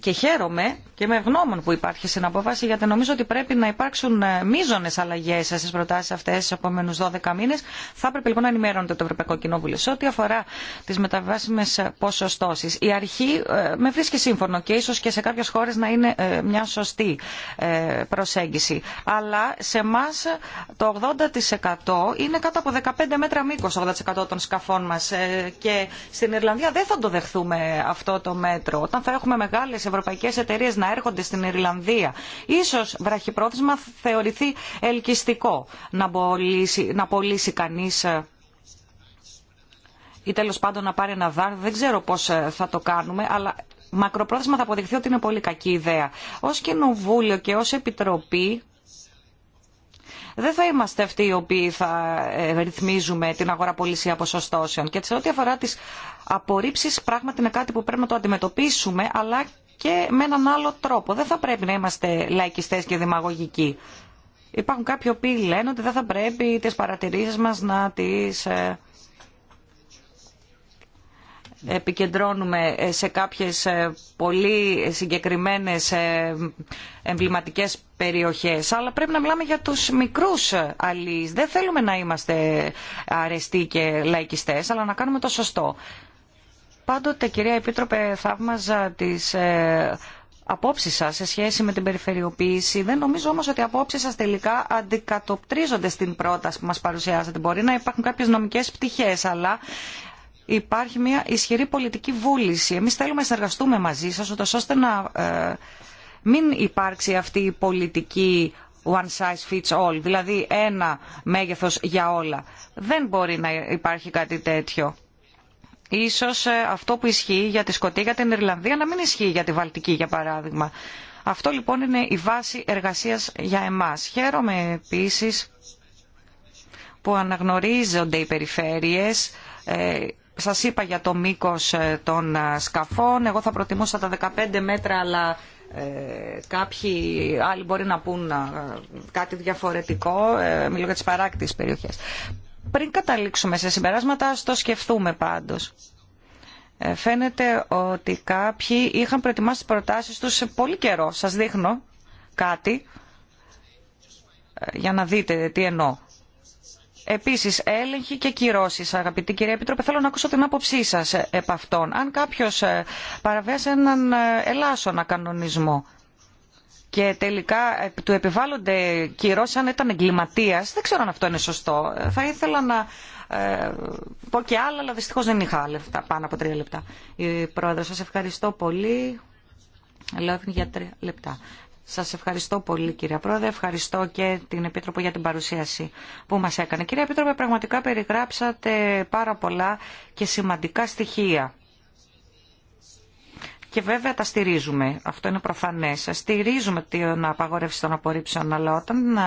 και χαίρομαι και με ευγνώμων που υπάρχει στην απόφαση γιατί νομίζω ότι πρέπει να υπάρξουν ε, μείζονε αλλαγέ στι προτάσει αυτέ στου επόμενου 12 μήνε. Θα έπρεπε λοιπόν να ενημερώνεται το Ευρωπαϊκό Κοινόβουλιο. Σε ό,τι αφορά τι μεταβάσιμε ποσοστώσει, η αρχή ε, με βρίσκει σύμφωνο και ίσω και σε κάποιε χώρε να είναι ε, μια σωστή προσέγγιση. Αλλά σε εμά το 80% είναι κάτω από 15 μέτρα μήκο 80% των σκαφών μα και στην Ιρλανδία δεν θα το δεχθούμε αυτό το μέτρο. Όταν θα έχουμε μεγάλε ευρωπαϊκέ εταιρείε να έρχονται στην Ιρλανδία. σω βραχυπρόθεσμα θεωρηθεί ελκυστικό να πωλήσει, να πωλήσει κανεί ε, ή τέλο πάντων να πάρει ένα δάρ. Δεν ξέρω πώ ε, θα το κάνουμε, αλλά μακροπρόθεσμα θα αποδειχθεί ότι είναι πολύ κακή ιδέα. Ω Κοινοβούλιο και ω Επιτροπή δεν θα είμαστε αυτοί οι οποίοι θα ε, ρυθμίζουμε την αγοραπολισία ποσοστώσεων. Και σε ό,τι αφορά τι απορρίψει, πράγματι είναι κάτι που πρέπει να το αντιμετωπίσουμε, αλλά και με έναν άλλο τρόπο. Δεν θα πρέπει να είμαστε λαϊκιστές και δημαγωγικοί. Υπάρχουν κάποιοι οποίοι λένε ότι δεν θα πρέπει τις παρατηρήσει μα να τις ε, επικεντρώνουμε σε κάποιες ε, πολύ συγκεκριμένες ε, εμβληματικές περιοχές αλλά πρέπει να μιλάμε για τους μικρούς αλείς. Δεν θέλουμε να είμαστε αρεστοί και λαϊκιστές αλλά να κάνουμε το σωστό. Πάντοτε κυρία Επίτροπε θαύμαζα τις ε, απόψεις σας σε σχέση με την περιφερειοποίηση. Δεν νομίζω όμως ότι οι απόψεις σας τελικά αντικατοπτρίζονται στην πρόταση που μας παρουσιάσατε. Μπορεί να υπάρχουν κάποιες νομικές πτυχές, αλλά υπάρχει μια ισχυρή πολιτική βούληση. Εμείς θέλουμε να συνεργαστούμε μαζί σας, ώστε να ε, μην υπάρξει αυτή η πολιτική one size fits all, δηλαδή ένα μέγεθος για όλα. Δεν μπορεί να υπάρχει κάτι τέτοιο. Ίσως ε, αυτό που ισχύει για τη Σκωτία, για την Ιρλανδία, να μην ισχύει για τη Βαλτική, για παράδειγμα. Αυτό λοιπόν είναι η βάση εργασίας για εμάς. Χαίρομαι επίσης που αναγνωρίζονται οι περιφέρειες ε, σας είπα για το μήκος ε, των ε, σκαφών. Εγώ θα προτιμούσα τα 15 μέτρα, αλλά ε, κάποιοι άλλοι μπορεί να πούν κάτι διαφορετικό. Ε, μιλώ για τις παράκτης περιοχές. Πριν καταλήξουμε σε συμπεράσματα, το σκεφτούμε πάντως. Φαίνεται ότι κάποιοι είχαν προετοιμάσει τις προτάσεις τους σε πολύ καιρό. Σας δείχνω κάτι για να δείτε τι εννοώ. Επίσης, έλεγχοι και κυρώσεις, αγαπητή κυρία Επίτροπε, θέλω να ακούσω την άποψή σας ε, επ' αυτών. Αν κάποιος ε, παραβιάσει έναν ε, ελάσσονα κανονισμό, και τελικά του επιβάλλονται κυρώσει αν ήταν εγκληματία. Δεν ξέρω αν αυτό είναι σωστό. Θα ήθελα να πω και άλλα, αλλά δυστυχώ δεν είχα πάνω από τρία λεπτά. Η πρόεδρο, σα ευχαριστώ πολύ. Λέω για τρία λεπτά. Σας ευχαριστώ πολύ κυρία Πρόεδρε, ευχαριστώ και την Επίτροπο για την παρουσίαση που μας έκανε. Κυρία Επίτροπε, πραγματικά περιγράψατε πάρα πολλά και σημαντικά στοιχεία. Και βέβαια τα στηρίζουμε, αυτό είναι προφανές. Στηρίζουμε την απαγόρευση των απορρίψεων, αλλά όταν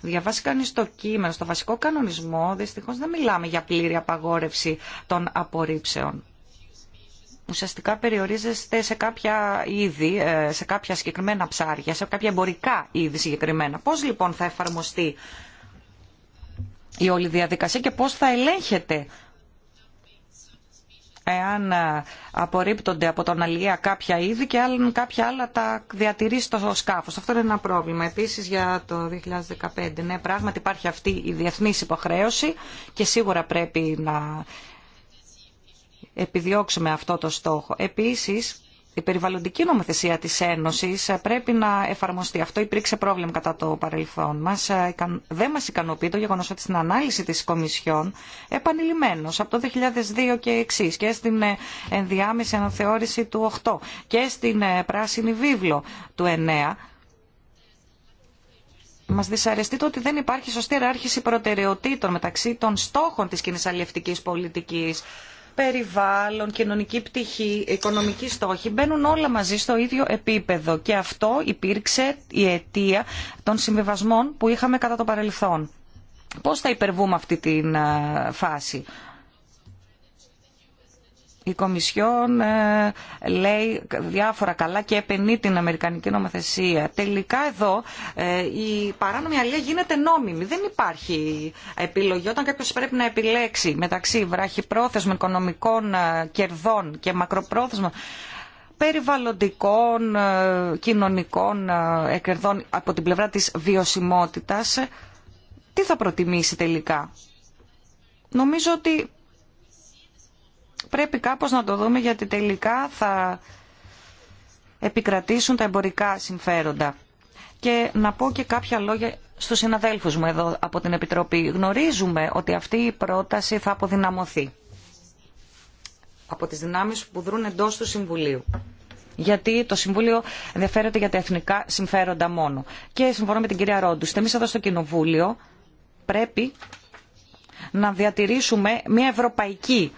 διαβάσει κανείς το κείμενο, στο βασικό κανονισμό, δυστυχώς δεν μιλάμε για πλήρη απαγόρευση των απορρίψεων ουσιαστικά περιορίζεστε σε κάποια είδη, ε, σε κάποια συγκεκριμένα ψάρια, σε κάποια εμπορικά είδη συγκεκριμένα. Πώς λοιπόν θα εφαρμοστεί η όλη διαδικασία και πώς θα ελέγχεται εάν ε, απορρίπτονται από τον Αλία κάποια είδη και αν κάποια άλλα τα διατηρεί στο σκάφος. Αυτό είναι ένα πρόβλημα. Επίσης για το 2015, ναι, πράγματι υπάρχει αυτή η διεθνής υποχρέωση και σίγουρα πρέπει να επιδιώξουμε αυτό το στόχο. Επίσης, η περιβαλλοντική νομοθεσία της Ένωσης ε, πρέπει να εφαρμοστεί. Αυτό υπήρξε πρόβλημα κατά το παρελθόν μας. Ε, δεν μας ικανοποιεί το γεγονός ότι στην ανάλυση της Κομισιόν επανειλημμένος από το 2002 και εξή και στην ε, ενδιάμεση αναθεώρηση του 8 και στην πράσινη βίβλο του 2009 Μα δυσαρεστεί το ότι δεν υπάρχει σωστή εράρχηση προτεραιοτήτων μεταξύ των στόχων τη κοινή αλληλευτική πολιτική περιβάλλον, κοινωνική πτυχή, οικονομική στόχη μπαίνουν όλα μαζί στο ίδιο επίπεδο και αυτό υπήρξε η αιτία των συμβιβασμών που είχαμε κατά το παρελθόν. Πώς θα υπερβούμε αυτή την ε, φάση η Κομισιόν ε, λέει διάφορα καλά και επενεί την Αμερικανική νομοθεσία. Τελικά εδώ ε, η παράνομη αλληλεία γίνεται νόμιμη. Δεν υπάρχει επιλογή. Όταν κάποιο πρέπει να επιλέξει μεταξύ βραχυπρόθεσμων οικονομικών ε, κερδών και μακροπρόθεσμων περιβαλλοντικών, κοινωνικών κερδών από την πλευρά της βιωσιμότητας, τι θα προτιμήσει τελικά. Νομίζω ότι πρέπει κάπως να το δούμε γιατί τελικά θα επικρατήσουν τα εμπορικά συμφέροντα. Και να πω και κάποια λόγια στους συναδέλφους μου εδώ από την Επιτροπή. Γνωρίζουμε ότι αυτή η πρόταση θα αποδυναμωθεί από τις δυνάμεις που δρούν εντός του Συμβουλίου. Γιατί το Συμβούλιο ενδιαφέρεται για τα εθνικά συμφέροντα μόνο. Και συμφωνώ με την κυρία Ρόντου. Εμεί εδώ στο Κοινοβούλιο πρέπει να διατηρήσουμε μια ευρωπαϊκή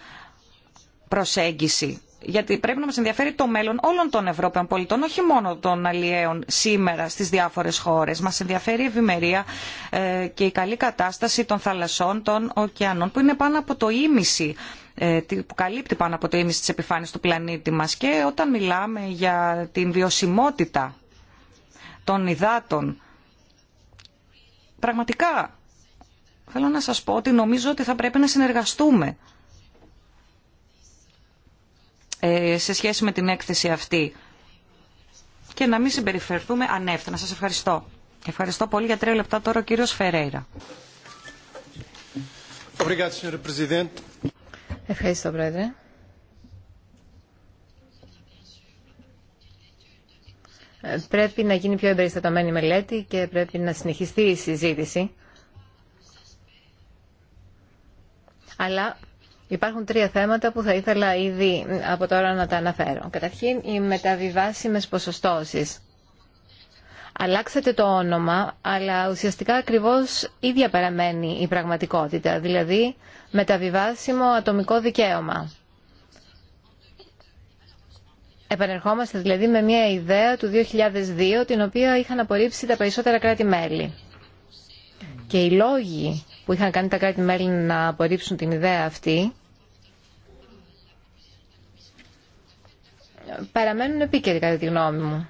προσέγγιση. Γιατί πρέπει να μας ενδιαφέρει το μέλλον όλων των Ευρώπαιων πολιτών, όχι μόνο των αλλιέων σήμερα στις διάφορες χώρες. Μας ενδιαφέρει η ευημερία ε, και η καλή κατάσταση των θαλασσών, των ωκεανών, που είναι πάνω από το ίμιση ε, που καλύπτει πάνω από το ίμιση της επιφάνειας του πλανήτη μας. Και όταν μιλάμε για την βιωσιμότητα των υδάτων, πραγματικά θέλω να σας πω ότι νομίζω ότι θα πρέπει να συνεργαστούμε ε, σε σχέση με την έκθεση αυτή και να μην συμπεριφερθούμε ανεύθυνα. Σας ευχαριστώ. Ευχαριστώ πολύ για τρία λεπτά τώρα ο κύριος Φερέιρα. Ευχαριστώ Πρόεδρε. Ε, πρέπει να γίνει πιο εμπεριστατωμένη μελέτη και πρέπει να συνεχιστεί η συζήτηση. Αλλά Υπάρχουν τρία θέματα που θα ήθελα ήδη από τώρα να τα αναφέρω. Καταρχήν, οι μεταβιβάσιμες ποσοστώσεις. Αλλάξατε το όνομα, αλλά ουσιαστικά ακριβώς ίδια παραμένει η πραγματικότητα, δηλαδή μεταβιβάσιμο ατομικό δικαίωμα. Επανερχόμαστε δηλαδή με μια ιδέα του 2002, την οποία είχαν απορρίψει τα περισσότερα κράτη-μέλη. Και οι λόγοι που είχαν κάνει τα κράτη-μέλη να απορρίψουν την ιδέα αυτή παραμένουν επίκαιροι κατά τη γνώμη μου.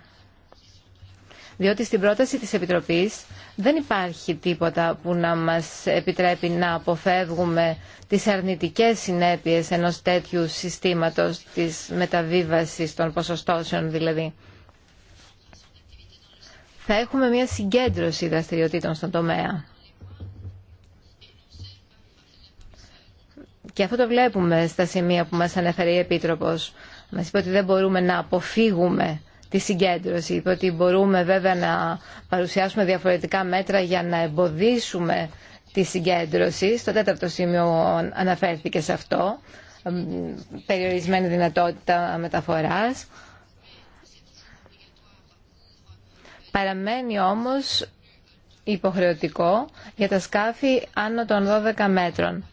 Διότι στην πρόταση της Επιτροπής δεν υπάρχει τίποτα που να μας επιτρέπει να αποφεύγουμε τις αρνητικές συνέπειες ενός τέτοιου συστήματος της μεταβίβασης των ποσοστώσεων δηλαδή. Θα έχουμε μια συγκέντρωση δραστηριοτήτων στον τομέα. Και αυτό το βλέπουμε στα σημεία που μας ανέφερε η Επίτροπος. Μας είπε ότι δεν μπορούμε να αποφύγουμε τη συγκέντρωση. Είπε ότι μπορούμε βέβαια να παρουσιάσουμε διαφορετικά μέτρα για να εμποδίσουμε τη συγκέντρωση. Στο τέταρτο σημείο αναφέρθηκε σε αυτό. Περιορισμένη δυνατότητα μεταφοράς. Παραμένει όμως υποχρεωτικό για τα σκάφη άνω των 12 μέτρων.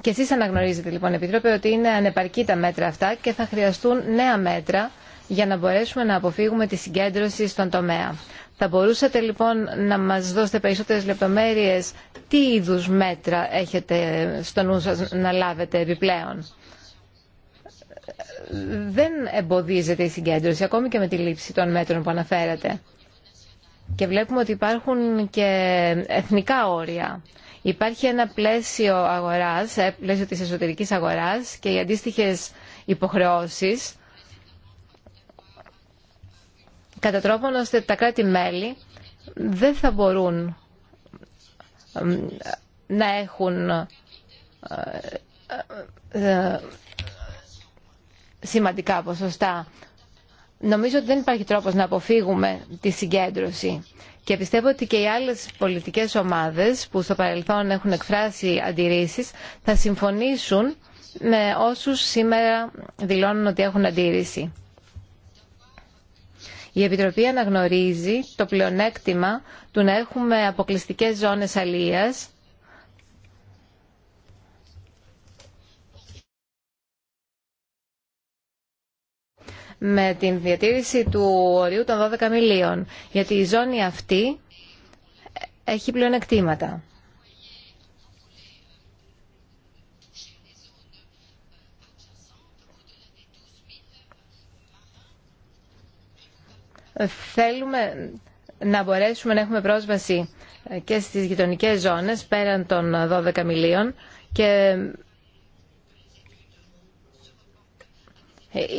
Και εσείς αναγνωρίζετε λοιπόν, Επιτρόπε, ότι είναι ανεπαρκή τα μέτρα αυτά και θα χρειαστούν νέα μέτρα για να μπορέσουμε να αποφύγουμε τη συγκέντρωση στον τομέα. Θα μπορούσατε λοιπόν να μας δώσετε περισσότερες λεπτομέρειες τι είδους μέτρα έχετε στο νου σας να λάβετε επιπλέον. Δεν εμποδίζεται η συγκέντρωση ακόμη και με τη λήψη των μέτρων που αναφέρατε. Και βλέπουμε ότι υπάρχουν και εθνικά όρια. Υπάρχει ένα πλαίσιο αγοράς, ε, πλαίσιο της εσωτερικής αγοράς και οι αντίστοιχες υποχρεώσεις κατά τρόπον ώστε τα κράτη-μέλη δεν θα μπορούν να έχουν ε, ε, σημαντικά ποσοστά. Νομίζω ότι δεν υπάρχει τρόπος να αποφύγουμε τη συγκέντρωση και πιστεύω ότι και οι άλλες πολιτικές ομάδες που στο παρελθόν έχουν εκφράσει αντιρρήσεις θα συμφωνήσουν με όσους σήμερα δηλώνουν ότι έχουν αντίρρηση. Η Επιτροπή αναγνωρίζει το πλεονέκτημα του να έχουμε αποκλειστικές ζώνες αλίας με την διατήρηση του ορίου των 12 μιλίων, γιατί η ζώνη αυτή έχει πλεονεκτήματα. Θέλουμε να μπορέσουμε να έχουμε πρόσβαση και στις γειτονικές ζώνες πέραν των 12 μιλίων και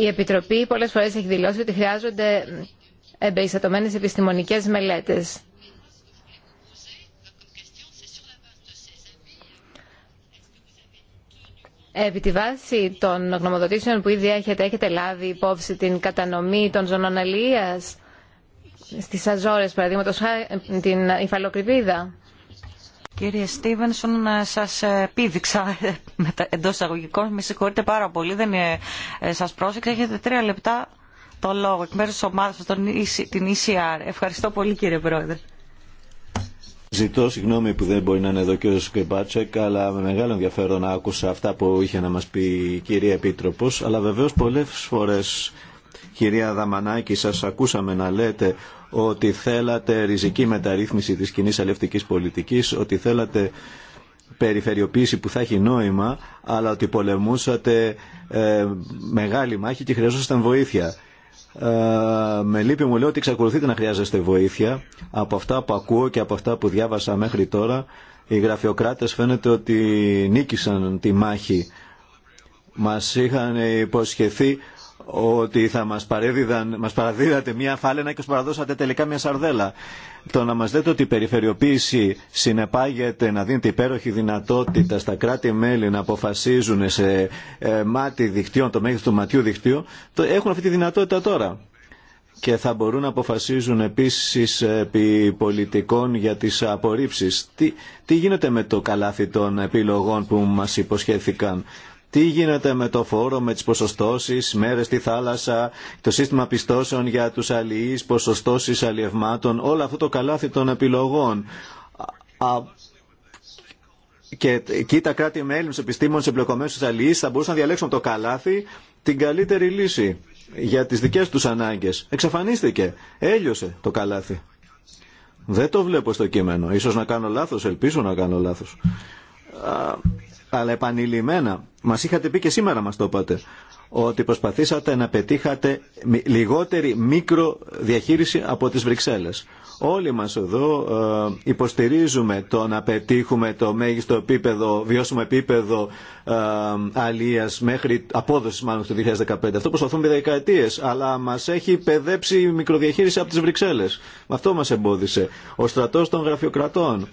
Η Επιτροπή πολλές φορές έχει δηλώσει ότι χρειάζονται εμπεριστατωμένες επιστημονικές μελέτες. Επί τη βάση των γνωμοδοτήσεων που ήδη έχετε, έχετε λάβει υπόψη την κατανομή των ζωνών στι στις Αζόρες, παραδείγματος, την υφαλοκρηπίδα. Κύριε Στίβενσον, ε, σας πήδηξα εντός εισαγωγικών. Με συγχωρείτε πάρα πολύ, δεν ε, ε, σας πρόσεξα. Έχετε τρία λεπτά το λόγο εκ μέρους της ομάδας την ECR. Ευχαριστώ πολύ κύριε Πρόεδρε. Ζητώ συγγνώμη που δεν μπορεί να είναι εδώ και ο Σκεμπάτσεκ, αλλά με μεγάλο ενδιαφέρον άκουσα αυτά που είχε να μας πει η κυρία Επίτροπος, αλλά βεβαίως πολλές φορές Κυρία Δαμανάκη, σας ακούσαμε να λέτε ότι θέλατε ριζική μεταρρύθμιση της κοινή αλληλευτικής πολιτικής, ότι θέλατε περιφερειοποίηση που θα έχει νόημα, αλλά ότι πολεμούσατε ε, μεγάλη μάχη και χρειαζόσασταν βοήθεια. Ε, με λύπη μου λέω ότι εξακολουθείτε να χρειάζεστε βοήθεια. Από αυτά που ακούω και από αυτά που διάβασα μέχρι τώρα, οι γραφειοκράτες φαίνεται ότι νίκησαν τη μάχη. Μας είχαν υποσχεθεί ότι θα μας, μας παραδίδατε μια φάλαινα και σας παραδώσατε τελικά μια σαρδέλα. Το να μας δείτε ότι η περιφερειοποίηση συνεπάγεται να δίνει την υπέροχη δυνατότητα στα κράτη-μέλη να αποφασίζουν σε ε, μάτι δικτύων, το μέγεθος του ματιού δικτύου, το έχουν αυτή τη δυνατότητα τώρα. Και θα μπορούν να αποφασίζουν επίσης ε, επί πολιτικών για τις απορρίψεις. Τι, τι γίνεται με το καλάθι των επιλογών που μας υποσχέθηκαν τι γίνεται με το φόρο, με τις ποσοστώσεις, μέρες στη θάλασσα, το σύστημα πιστώσεων για τους αλληλείς, ποσοστώσεις αλλιευμάτων, όλο αυτό το καλάθι των επιλογών. Και εκεί τα κράτη με Έλληνες επιστήμονες εμπλεκομένους στους αλληλείς θα μπορούσαν να διαλέξουν το καλάθι την καλύτερη λύση για τις δικές τους ανάγκες. Εξαφανίστηκε, έλειωσε το καλάθι. Δεν το βλέπω στο κείμενο. Ίσως να κάνω λάθος, ελπίζω να κάνω λάθος αλλά επανειλημμένα. Μας είχατε πει και σήμερα μας το είπατε ότι προσπαθήσατε να πετύχατε λιγότερη μικροδιαχείριση από τις Βρυξέλλες. Όλοι μας εδώ ε, υποστηρίζουμε το να πετύχουμε το μέγιστο επίπεδο, βιώσιμο επίπεδο ε, αλίας μέχρι απόδοσης μάλλον του 2015. Αυτό προσπαθούμε δεκαετίες, αλλά μας έχει παιδέψει η μικροδιαχείριση από τις Βρυξέλλες. Αυτό μας εμπόδισε. Ο στρατός των γραφειοκρατών.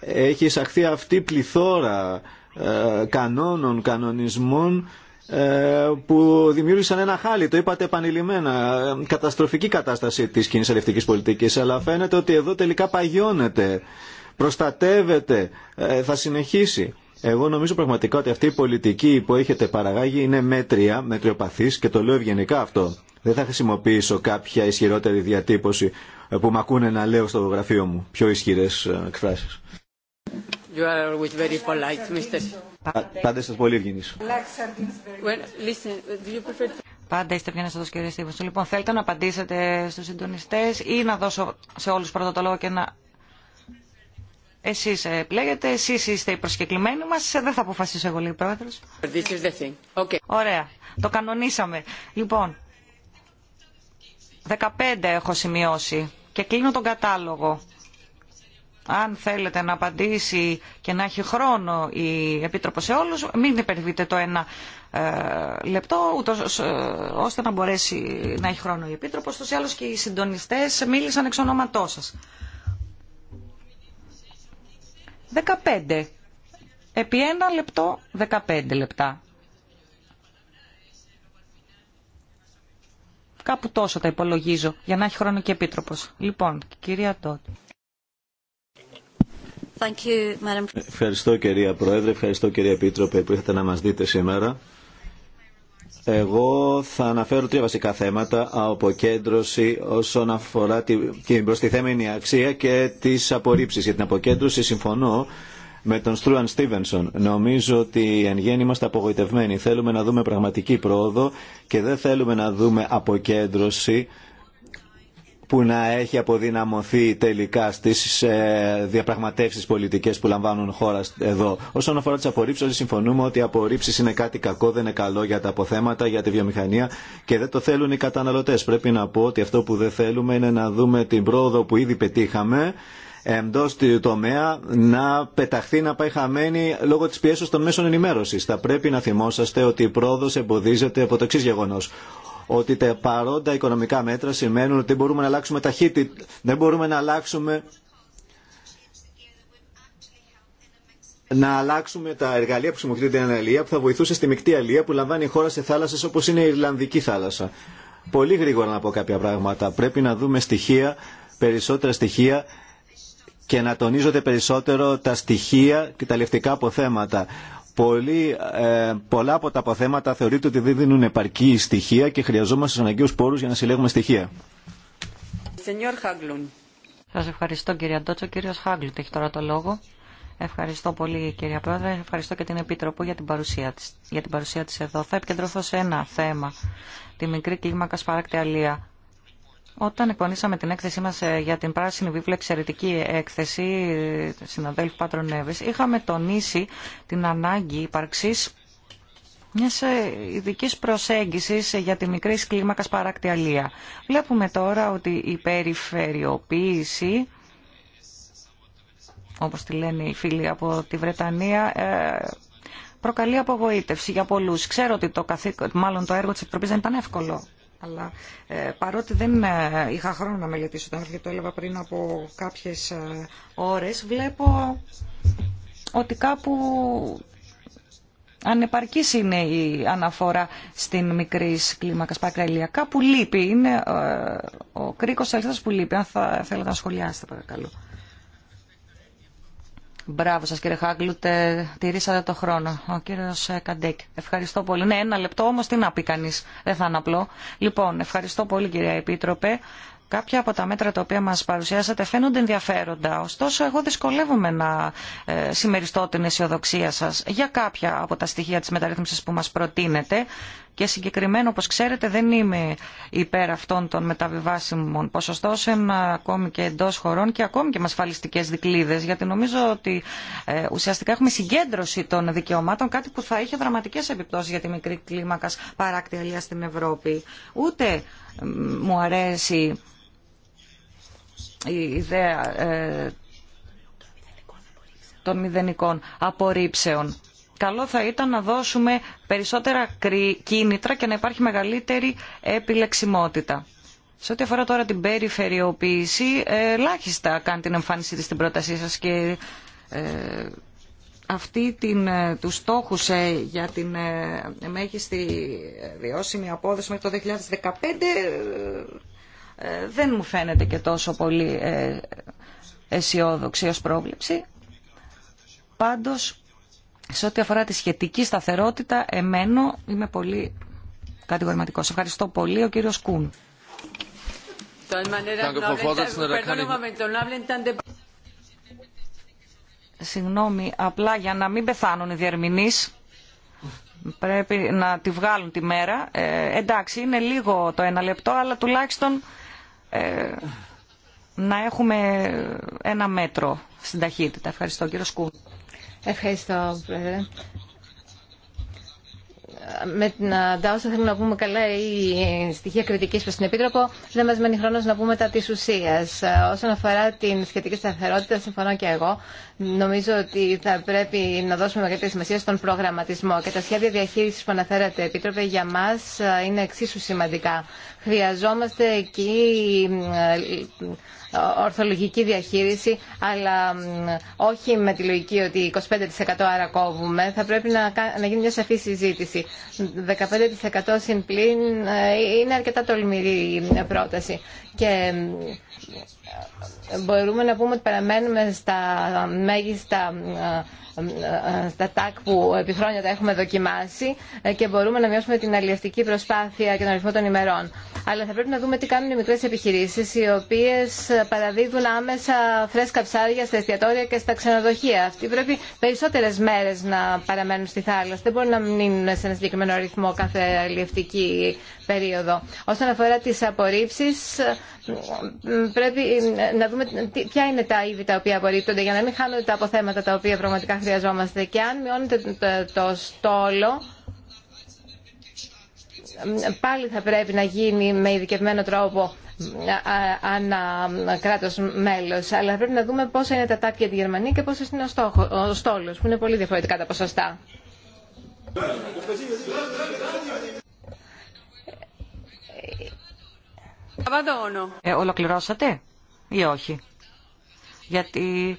Έχει εισαχθεί αυτή πληθώρα ε, κανόνων, κανονισμών ε, που δημιούργησαν ένα χάλι, το είπατε επανειλημμένα, καταστροφική κατάσταση της κοινή αλληλευτικής πολιτικής, αλλά φαίνεται ότι εδώ τελικά παγιώνεται, προστατεύεται, ε, θα συνεχίσει. Εγώ νομίζω πραγματικά ότι αυτή η πολιτική που έχετε παραγάγει είναι μέτρια, μετριοπαθής και το λέω ευγενικά αυτό. Δεν θα χρησιμοποιήσω κάποια ισχυρότερη διατύπωση που μ' ακούνε να λέω στο γραφείο μου, πιο ισχυρές εκφράσεις. Πάντα είστε πολύ ευγενείς. Πάντα είστε ευγενείς εδώ, κύριε Στίβος. Λοιπόν, θέλετε να απαντήσετε στους συντονιστές ή να δώσω σε όλους πρώτα το λόγο και να... Εσείς επιλέγετε, εσείς είστε οι προσκεκλημένοι μας, ε, δεν θα αποφασίσω εγώ, λέει πρόεδρος. Ωραία, το κανονίσαμε. Λοιπόν, 15 έχω σημειώσει και κλείνω τον κατάλογο αν θέλετε να απαντήσει και να έχει χρόνο η Επίτροπος σε όλους, μην υπερβείτε το ένα ε, λεπτό, ε, ώστε να μπορέσει να έχει χρόνο η Επίτροπος. Τους άλλους και οι συντονιστές μίλησαν εξ ονόματό σας. 15. Επί ένα λεπτό, 15 λεπτά. Κάπου τόσο τα υπολογίζω, για να έχει χρόνο και επίτροπος. Λοιπόν, κυρία Τότ. Ευχαριστώ κυρία Πρόεδρε, ευχαριστώ κυρία Επίτροπε που ήρθατε να μας δείτε σήμερα. Εγώ θα αναφέρω τρία βασικά θέματα, αποκέντρωση όσον αφορά την προστιθέμενη αξία και τις απορρίψεις. Για την αποκέντρωση συμφωνώ με τον Στρούαν Στίβενσον. Νομίζω ότι εν γέννη είμαστε απογοητευμένοι. Θέλουμε να δούμε πραγματική πρόοδο και δεν θέλουμε να δούμε αποκέντρωση που να έχει αποδυναμωθεί τελικά στις ε, διαπραγματεύσει πολιτικέ που λαμβάνουν χώρα εδώ. Όσον αφορά τι απορρίψει, όλοι συμφωνούμε ότι οι απορρίψει είναι κάτι κακό, δεν είναι καλό για τα αποθέματα, για τη βιομηχανία και δεν το θέλουν οι καταναλωτέ. Πρέπει να πω ότι αυτό που δεν θέλουμε είναι να δούμε την πρόοδο που ήδη πετύχαμε εντό του τομέα να πεταχθεί να πάει χαμένη λόγω τη πιέσεω των μέσων ενημέρωση. Θα πρέπει να θυμόσαστε ότι η πρόοδο εμποδίζεται από το εξή γεγονό ότι τα παρόντα οικονομικά μέτρα σημαίνουν ότι δεν μπορούμε να αλλάξουμε ταχύτητα, δεν μπορούμε να αλλάξουμε να αλλάξουμε τα εργαλεία που χρησιμοποιείται στην αλληλεία που θα βοηθούσε στη μεικτή αλία που λαμβάνει η χώρα σε θάλασσε όπω είναι η Ιρλανδική θάλασσα. Πολύ γρήγορα να πω κάποια πράγματα. Πρέπει να δούμε στοιχεία, περισσότερα στοιχεία και να τονίζονται περισσότερο τα στοιχεία και τα λεφτικά αποθέματα. Ε, πολλά από τα αποθέματα θεωρείται ότι δεν δίνουν επαρκή στοιχεία και χρειαζόμαστε τους πόρους πόρου για να συλλέγουμε στοιχεία. Σας ευχαριστώ κύριε Αντότσο. Κύριο Χάγκλουτ έχει τώρα το λόγο. Ευχαριστώ πολύ κυρία Πρόεδρε. Ευχαριστώ και την Επίτροπο για την παρουσία της, για την παρουσία της εδώ. Θα επικεντρωθώ σε ένα θέμα, τη μικρή κλίμακα σπαρακτεαλία. Όταν εκπονήσαμε την έκθεσή μας ε, για την πράσινη βίβλα εξαιρετική έκθεση συναδέλφου Πάτρον Νέβες, είχαμε τονίσει την ανάγκη υπαρξής μιας ε, ειδική προσέγγισης για τη μικρή κλίμακα παρακτιαλία. Βλέπουμε τώρα ότι η περιφερειοποίηση όπως τη λένε οι φίλοι από τη Βρετανία, ε, προκαλεί απογοήτευση για πολλούς. Ξέρω ότι το, καθήκον, μάλλον το έργο της Επιτροπής δεν ήταν εύκολο αλλά ε, παρότι δεν ε, είχα χρόνο να μελετήσω το άρθρο, το έλαβα πριν από κάποιες ε, ώρες, βλέπω ότι κάπου ανεπαρκής είναι η αναφορά στην μικρή κλίμακα σπακαλία. Κάπου λείπει, είναι ο κρίκος αλήθως που λείπει. Αν θα θέλετε να σχολιάσετε παρακαλώ. Μπράβο σας κύριε Χάγκλουτ, τηρήσατε το χρόνο. Ο κύριο ε, Καντέκ, ευχαριστώ πολύ. Ναι, ένα λεπτό όμως τι να πει κανείς, δεν θα είναι απλό. Λοιπόν, ευχαριστώ πολύ κυρία Επίτροπε. Κάποια από τα μέτρα τα οποία μας παρουσιάσατε φαίνονται ενδιαφέροντα, ωστόσο εγώ δυσκολεύομαι να ε, συμμεριστώ την αισιοδοξία σας για κάποια από τα στοιχεία της μεταρρύθμισης που μας προτείνετε και συγκεκριμένα όπως ξέρετε δεν είμαι υπέρ αυτών των μεταβιβάσιμων ποσοστώσεων ακόμη και εντός χωρών και ακόμη και με ασφαλιστικές δικλείδες γιατί νομίζω ότι ε, ουσιαστικά έχουμε συγκέντρωση των δικαιωμάτων κάτι που θα είχε δραματικές επιπτώσεις για τη μικρή κλίμακα παράκτη στην Ευρώπη. Ούτε μου αρέσει η ιδέα ε, των μηδενικών απορρίψεων. Καλό θα ήταν να δώσουμε περισσότερα κίνητρα και να υπάρχει μεγαλύτερη επιλεξιμότητα. Σε ό,τι αφορά τώρα την περιφερειοποίηση, ελάχιστα κάνει την εμφάνισή της στην πρότασή σας και ε, αυτή την, ε, τους στόχους ε, για την ε, μέγιστη βιώσιμη απόδοση μέχρι το 2015 ε, δεν μου φαίνεται και τόσο πολύ ε, αισιόδοξη ως πρόβλεψη. Πάντως, σε ό,τι αφορά τη σχετική σταθερότητα, εμένα είμαι πολύ κατηγορηματικός. Ευχαριστώ πολύ, ο κύριος Κούν. Συγγνώμη, απλά για να μην πεθάνουν οι διερμηνείς, πρέπει να τη βγάλουν τη μέρα. Ε, εντάξει, είναι λίγο το ένα λεπτό, αλλά τουλάχιστον ε, να έχουμε ένα μέτρο στην ταχύτητα. Ευχαριστώ κύριο Σκούρ. Ευχαριστώ. Πρόεδρε με την Ντάουσα θέλουμε να πούμε καλά ή στοιχεία κριτική προ την Επίτροπο. Δεν μα μένει χρόνο να πούμε τα τη ουσία. Όσον αφορά την σχετική σταθερότητα, συμφωνώ και εγώ. Νομίζω ότι θα πρέπει να δώσουμε μεγαλύτερη σημασία στον προγραμματισμό. Και τα σχέδια διαχείριση που αναφέρατε, Επίτροπε, για μα είναι εξίσου σημαντικά. Χρειαζόμαστε εκεί ορθολογική διαχείριση, αλλά όχι με τη λογική ότι 25% άρα κόβουμε. Θα πρέπει να γίνει μια σαφή συζήτηση. 15% συν ε, είναι αρκετά τολμηρή πρόταση. Και μπορούμε να πούμε ότι παραμένουμε στα μέγιστα ε, ε, στα τάκ που επί χρόνια τα έχουμε δοκιμάσει ε, και μπορούμε να μειώσουμε την αλληλευτική προσπάθεια και τον αριθμό των ημερών. Αλλά θα πρέπει να δούμε τι κάνουν οι μικρέ επιχειρήσει, οι οποίε παραδίδουν άμεσα φρέσκα ψάρια στα εστιατόρια και στα ξενοδοχεία. Αυτοί πρέπει περισσότερε μέρε να παραμένουν στη θάλασσα. Δεν μπορούν να μείνουν σε ένα συγκεκριμένο αριθμό κάθε αλληλευτική περίοδο. Όσον αφορά τι απορρίψει, πρέπει να δούμε ποια είναι τα είδη τα οποία απορρίπτονται για να μην χάνονται τα αποθέματα τα οποία πραγματικά χρειαζόμαστε. Και αν μειώνεται το στόλο, πάλι θα πρέπει να γίνει με ειδικευμένο τρόπο ανά κράτο μέλο, Αλλά πρέπει να δούμε πόσα είναι τα τάπια τη Γερμανία και πόσο είναι ο, στόλο. στόλος, που είναι πολύ διαφορετικά τα ποσοστά. Ε, ολοκληρώσατε ή όχι. Γιατί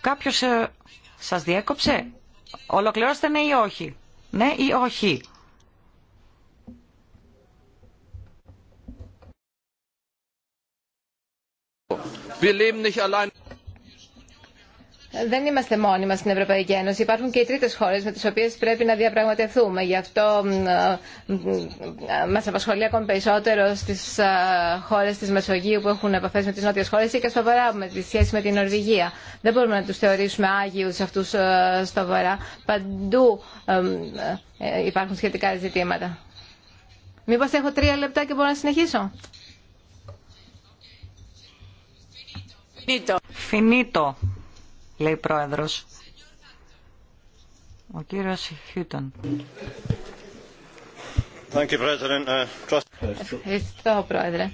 κάποιος ε, σας διέκοψε, ολοκληρώστε ναι ή όχι. Ναι ή όχι. Wir leben nicht allein δεν είμαστε μόνοι μας στην Ευρωπαϊκή Ένωση. Υπάρχουν και οι τρίτες χώρες με τις οποίες πρέπει να διαπραγματευτούμε. Γι' αυτό μας απασχολεί ακόμη περισσότερο στις χώρες της Μεσογείου που έχουν επαφές με τις νότιες χώρες ή και στο Βορρά με τη σχέση με την Νορβηγία. Δεν μπορούμε να τους θεωρήσουμε άγιους αυτούς στο Βορρά. Παντού ε, υπάρχουν σχετικά ζητήματα. Μήπως έχω τρία λεπτά και μπορώ να συνεχίσω. Φινίτο λέει πρόεδρος. Ο κύριος Χιούτον. Uh, Ευχαριστώ, Πρόεδρε.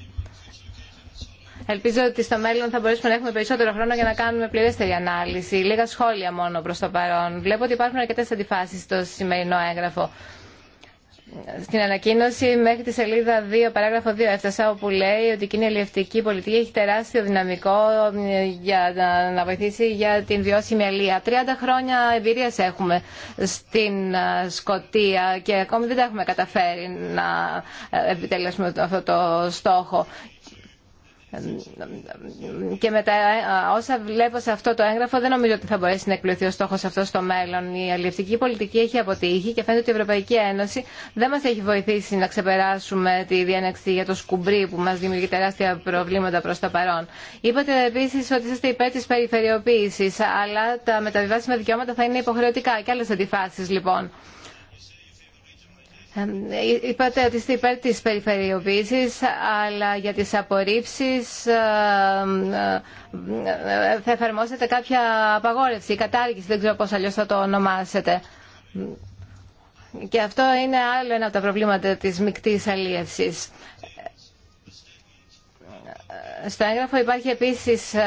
Ελπίζω ότι στο μέλλον θα μπορέσουμε να έχουμε περισσότερο χρόνο για να κάνουμε πληρέστερη ανάλυση. Λίγα σχόλια μόνο προ το παρόν. Βλέπω ότι υπάρχουν αρκετέ αντιφάσει στο σημερινό έγγραφο στην ανακοίνωση μέχρι τη σελίδα 2, παράγραφο 2, έφτασα όπου λέει ότι η κοινή αλληλευτική πολιτική έχει τεράστιο δυναμικό για να βοηθήσει για την βιώσιμη αλληλεία. 30 χρόνια εμπειρία έχουμε στην Σκοτία και ακόμη δεν τα έχουμε καταφέρει να ε, επιτελέσουμε αυτό το στόχο και με όσα βλέπω σε αυτό το έγγραφο δεν νομίζω ότι θα μπορέσει να εκπληρωθεί ο στόχο αυτό στο μέλλον. Η αλληλευτική πολιτική έχει αποτύχει και φαίνεται ότι η Ευρωπαϊκή Ένωση δεν μα έχει βοηθήσει να ξεπεράσουμε τη διένεξη για το σκουμπρί που μα δημιουργεί τεράστια προβλήματα προ το παρόν. Είπατε επίση ότι είστε υπέρ τη περιφερειοποίηση, αλλά τα μεταβιβάσιμα δικαιώματα θα είναι υποχρεωτικά και άλλε αντιφάσει λοιπόν. Είπατε ότι είστε υπέρ της περιφερειοποίησης, αλλά για τις απορρίψεις θα εφαρμόσετε κάποια απαγόρευση ή κατάργηση, δεν ξέρω πώς αλλιώς θα το ονομάσετε. Και αυτό είναι άλλο ένα από τα προβλήματα της μικτής αλίευσης. Στο έγγραφο υπάρχει επίσης ε,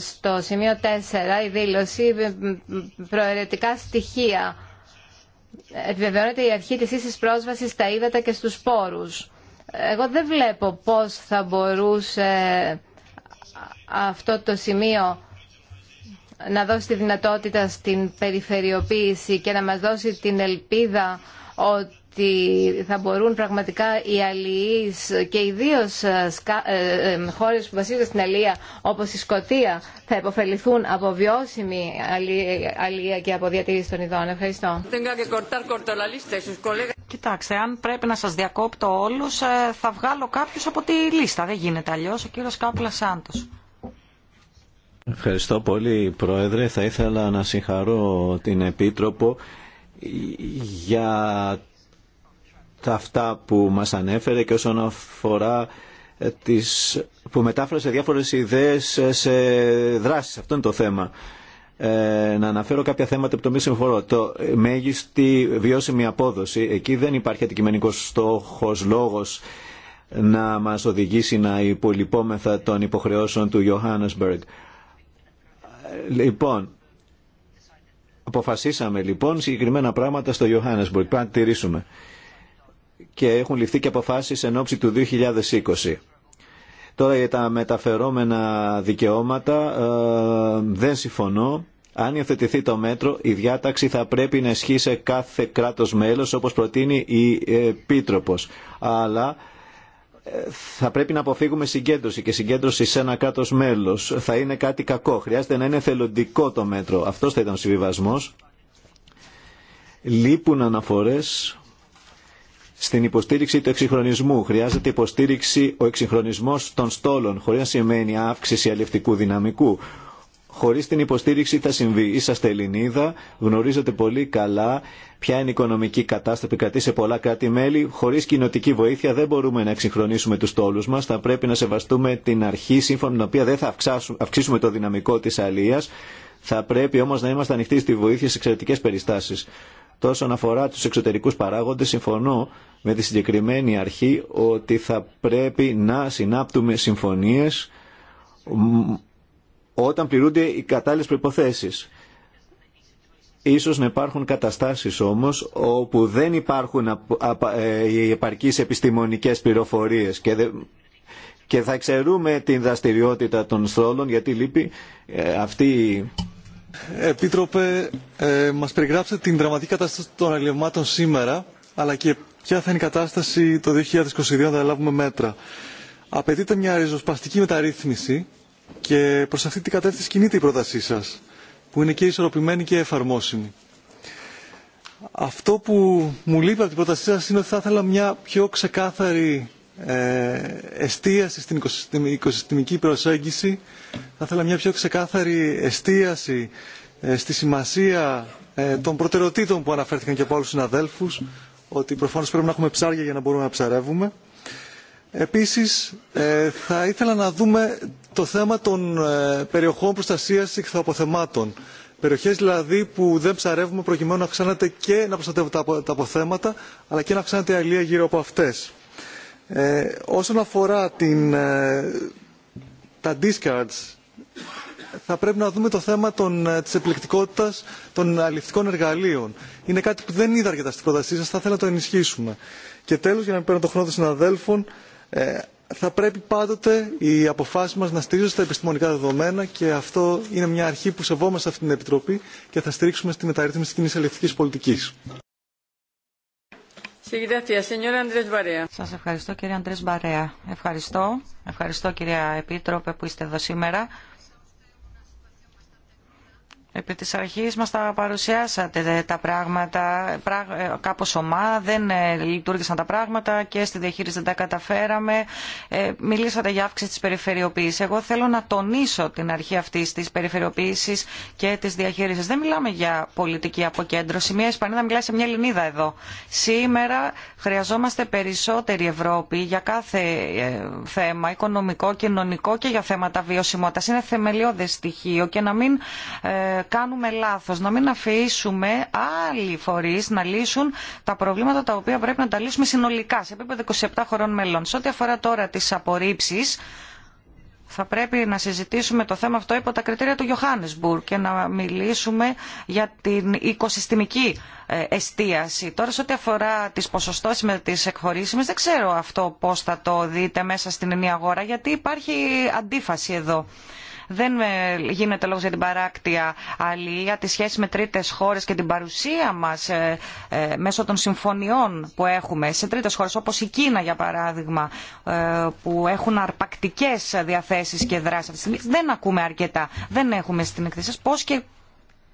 στο σημείο 4 η δήλωση προαιρετικά στοιχεία επιβεβαιώνεται η αρχή της ίσης πρόσβασης στα ύδατα και στους πόρους. Εγώ δεν βλέπω πώς θα μπορούσε αυτό το σημείο να δώσει τη δυνατότητα στην περιφερειοποίηση και να μας δώσει την ελπίδα ότι ότι θα μπορούν πραγματικά οι αλληλείς και ιδίω ε, ε, ε, χώρες που βασίζονται στην αλληλεία όπως η Σκοτία θα υποφεληθούν από βιώσιμη αλληλεία και από διατήρηση των ειδών. Ευχαριστώ. Κοιτάξτε, αν πρέπει να σας διακόπτω όλους θα βγάλω κάποιους από τη λίστα. Δεν γίνεται αλλιώς. Ο κύριος Κάπουλα Σάντος. Ευχαριστώ πολύ Πρόεδρε. Θα ήθελα να συγχαρώ την Επίτροπο για τα αυτά που μας ανέφερε και όσον αφορά ε, τις, που μετάφρασε διάφορες ιδέες σε δράσεις. Αυτό είναι το θέμα. Ε, να αναφέρω κάποια θέματα που το μη συμφορώ. Το μέγιστη βιώσιμη απόδοση. Εκεί δεν υπάρχει αντικειμενικός στόχος, λόγος να μας οδηγήσει να υπολοιπόμεθα των υποχρεώσεων του Johannesburg. Λοιπόν, αποφασίσαμε λοιπόν συγκεκριμένα πράγματα στο Johannesburg. Πρέπει να τηρήσουμε και έχουν ληφθεί και αποφάσεις εν ώψη του 2020. Τώρα για τα μεταφερόμενα δικαιώματα ε, δεν συμφωνώ. Αν υιοθετηθεί το μέτρο, η διάταξη θα πρέπει να ισχύει σε κάθε κράτος μέλος, όπως προτείνει η Επίτροπος. Αλλά ε, θα πρέπει να αποφύγουμε συγκέντρωση και συγκέντρωση σε ένα κράτο μέλος. Θα είναι κάτι κακό. Χρειάζεται να είναι θελοντικό το μέτρο. Αυτό θα ήταν ο συμβιβασμός. Λείπουν αναφορές στην υποστήριξη του εξυγχρονισμού. Χρειάζεται υποστήριξη ο εξυγχρονισμό των στόλων, χωρί να σημαίνει αύξηση αλληλευτικού δυναμικού. Χωρί την υποστήριξη θα συμβεί. Είσαστε Ελληνίδα, γνωρίζετε πολύ καλά ποια είναι η οικονομική κατάσταση που κρατεί σε πολλά κράτη-μέλη. χωρί κοινοτική βοήθεια δεν μπορούμε να εξυγχρονίσουμε του στόλου μα. Θα πρέπει να σεβαστούμε την αρχή σύμφωνα με την οποία δεν θα αυξήσουμε το δυναμικό τη αλίας. Θα πρέπει όμω να είμαστε ανοιχτοί στη βοήθεια σε εξαιρετικέ περιστάσει. Τόσο αφορά τους εξωτερικούς παράγοντες, συμφωνώ με τη συγκεκριμένη αρχή ότι θα πρέπει να συνάπτουμε συμφωνίες όταν πληρούνται οι κατάλληλες προϋποθέσεις. Ίσως να υπάρχουν καταστάσεις όμως όπου δεν υπάρχουν ε, οι επαρκείς επιστημονικές πληροφορίες και και θα ξερούμε την δραστηριότητα των στρόλων γιατί λείπει ε, αυτή Επίτροπε, ε, μας περιγράψατε την δραματική κατάσταση των αλληλευμάτων σήμερα, αλλά και ποια θα είναι η κατάσταση το 2022 αν δεν λάβουμε μέτρα. Απαιτείται μια ριζοσπαστική μεταρρύθμιση και προς αυτή την κατεύθυνση κινείται η πρότασή σας, που είναι και ισορροπημένη και εφαρμόσιμη. Αυτό που μου λείπει από την πρότασή σας είναι ότι θα ήθελα μια πιο ξεκάθαρη ε, εστίαση στην οικοσυστημική προσέγγιση. Θα ήθελα μια πιο ξεκάθαρη εστίαση ε, στη σημασία ε, των προτεραιοτήτων που αναφέρθηκαν και από άλλους συναδέλφους, ότι προφανώς πρέπει να έχουμε ψάρια για να μπορούμε να ψαρεύουμε. Επίσης, θα ήθελα να δούμε το θέμα των περιοχών προστασίας εκθαποθεμάτων Περιοχές δηλαδή που δεν ψαρεύουμε προκειμένου να αυξάνεται και να προστατεύουν τα αποθέματα, αλλά και να αυξάνεται η αλία γύρω από αυτές ε, όσον αφορά την, ε, τα discards, θα πρέπει να δούμε το θέμα των, ε, της επιλεκτικότητας των αληφτικών εργαλείων. Είναι κάτι που δεν είδα αρκετά στην πρότασή σας, θα θέλω να το ενισχύσουμε. Και τέλος, για να μην παίρνω το χρόνο των συναδέλφων, ε, θα πρέπει πάντοτε οι αποφάση μας να στηρίζονται στα επιστημονικά δεδομένα και αυτό είναι μια αρχή που σεβόμαστε αυτή την Επιτροπή και θα στηρίξουμε στη μεταρρύθμιση της κοινής αληθικής πολιτικής. Σας ευχαριστώ κύριε Αντρές Μπαρέα. Ευχαριστώ. Ευχαριστώ κυρία Επίτροπε που είστε εδώ σήμερα. Επί της αρχής μας τα παρουσιάσατε τα πράγματα, ε, κάπως ομά, δεν ε, λειτουργήσαν τα πράγματα και στη διαχείριση δεν τα καταφέραμε. Ε, μιλήσατε για αύξηση της περιφερειοποίησης. Εγώ θέλω να τονίσω την αρχή αυτής της περιφερειοποίησης και της διαχείρισης. Δεν μιλάμε για πολιτική αποκέντρωση. Μια Ισπανίδα μιλάει σε μια Ελληνίδα εδώ. Σήμερα χρειαζόμαστε περισσότερη Ευρώπη για κάθε θέμα, οικονομικό, κοινωνικό και για θέματα βιωσιμότητας. Είναι θεμελιώδες στοιχείο και να μην κάνουμε λάθος, να μην αφήσουμε άλλοι φορείς να λύσουν τα προβλήματα τα οποία πρέπει να τα λύσουμε συνολικά σε επίπεδο 27 χωρών μελών. Σε ό,τι αφορά τώρα τις απορρίψεις, θα πρέπει να συζητήσουμε το θέμα αυτό υπό τα κριτήρια του Johannesburg και να μιλήσουμε για την οικοσυστημική ε, εστίαση. Τώρα σε ό,τι αφορά τις ποσοστώσεις με τις εκχωρήσιμε, δεν ξέρω αυτό πώς θα το δείτε μέσα στην ενή αγορά γιατί υπάρχει αντίφαση εδώ δεν ε, γίνεται λόγος για την παράκτεια αλληλεία, τη σχέση με τρίτες χώρες και την παρουσία μας ε, ε, μέσω των συμφωνιών που έχουμε σε τρίτες χώρες όπως η Κίνα για παράδειγμα που έχουν αρπακτικές διαθέσεις και δράσεις. Δεν ακούμε αρκετά, δεν έχουμε στην εκθέση πώς και,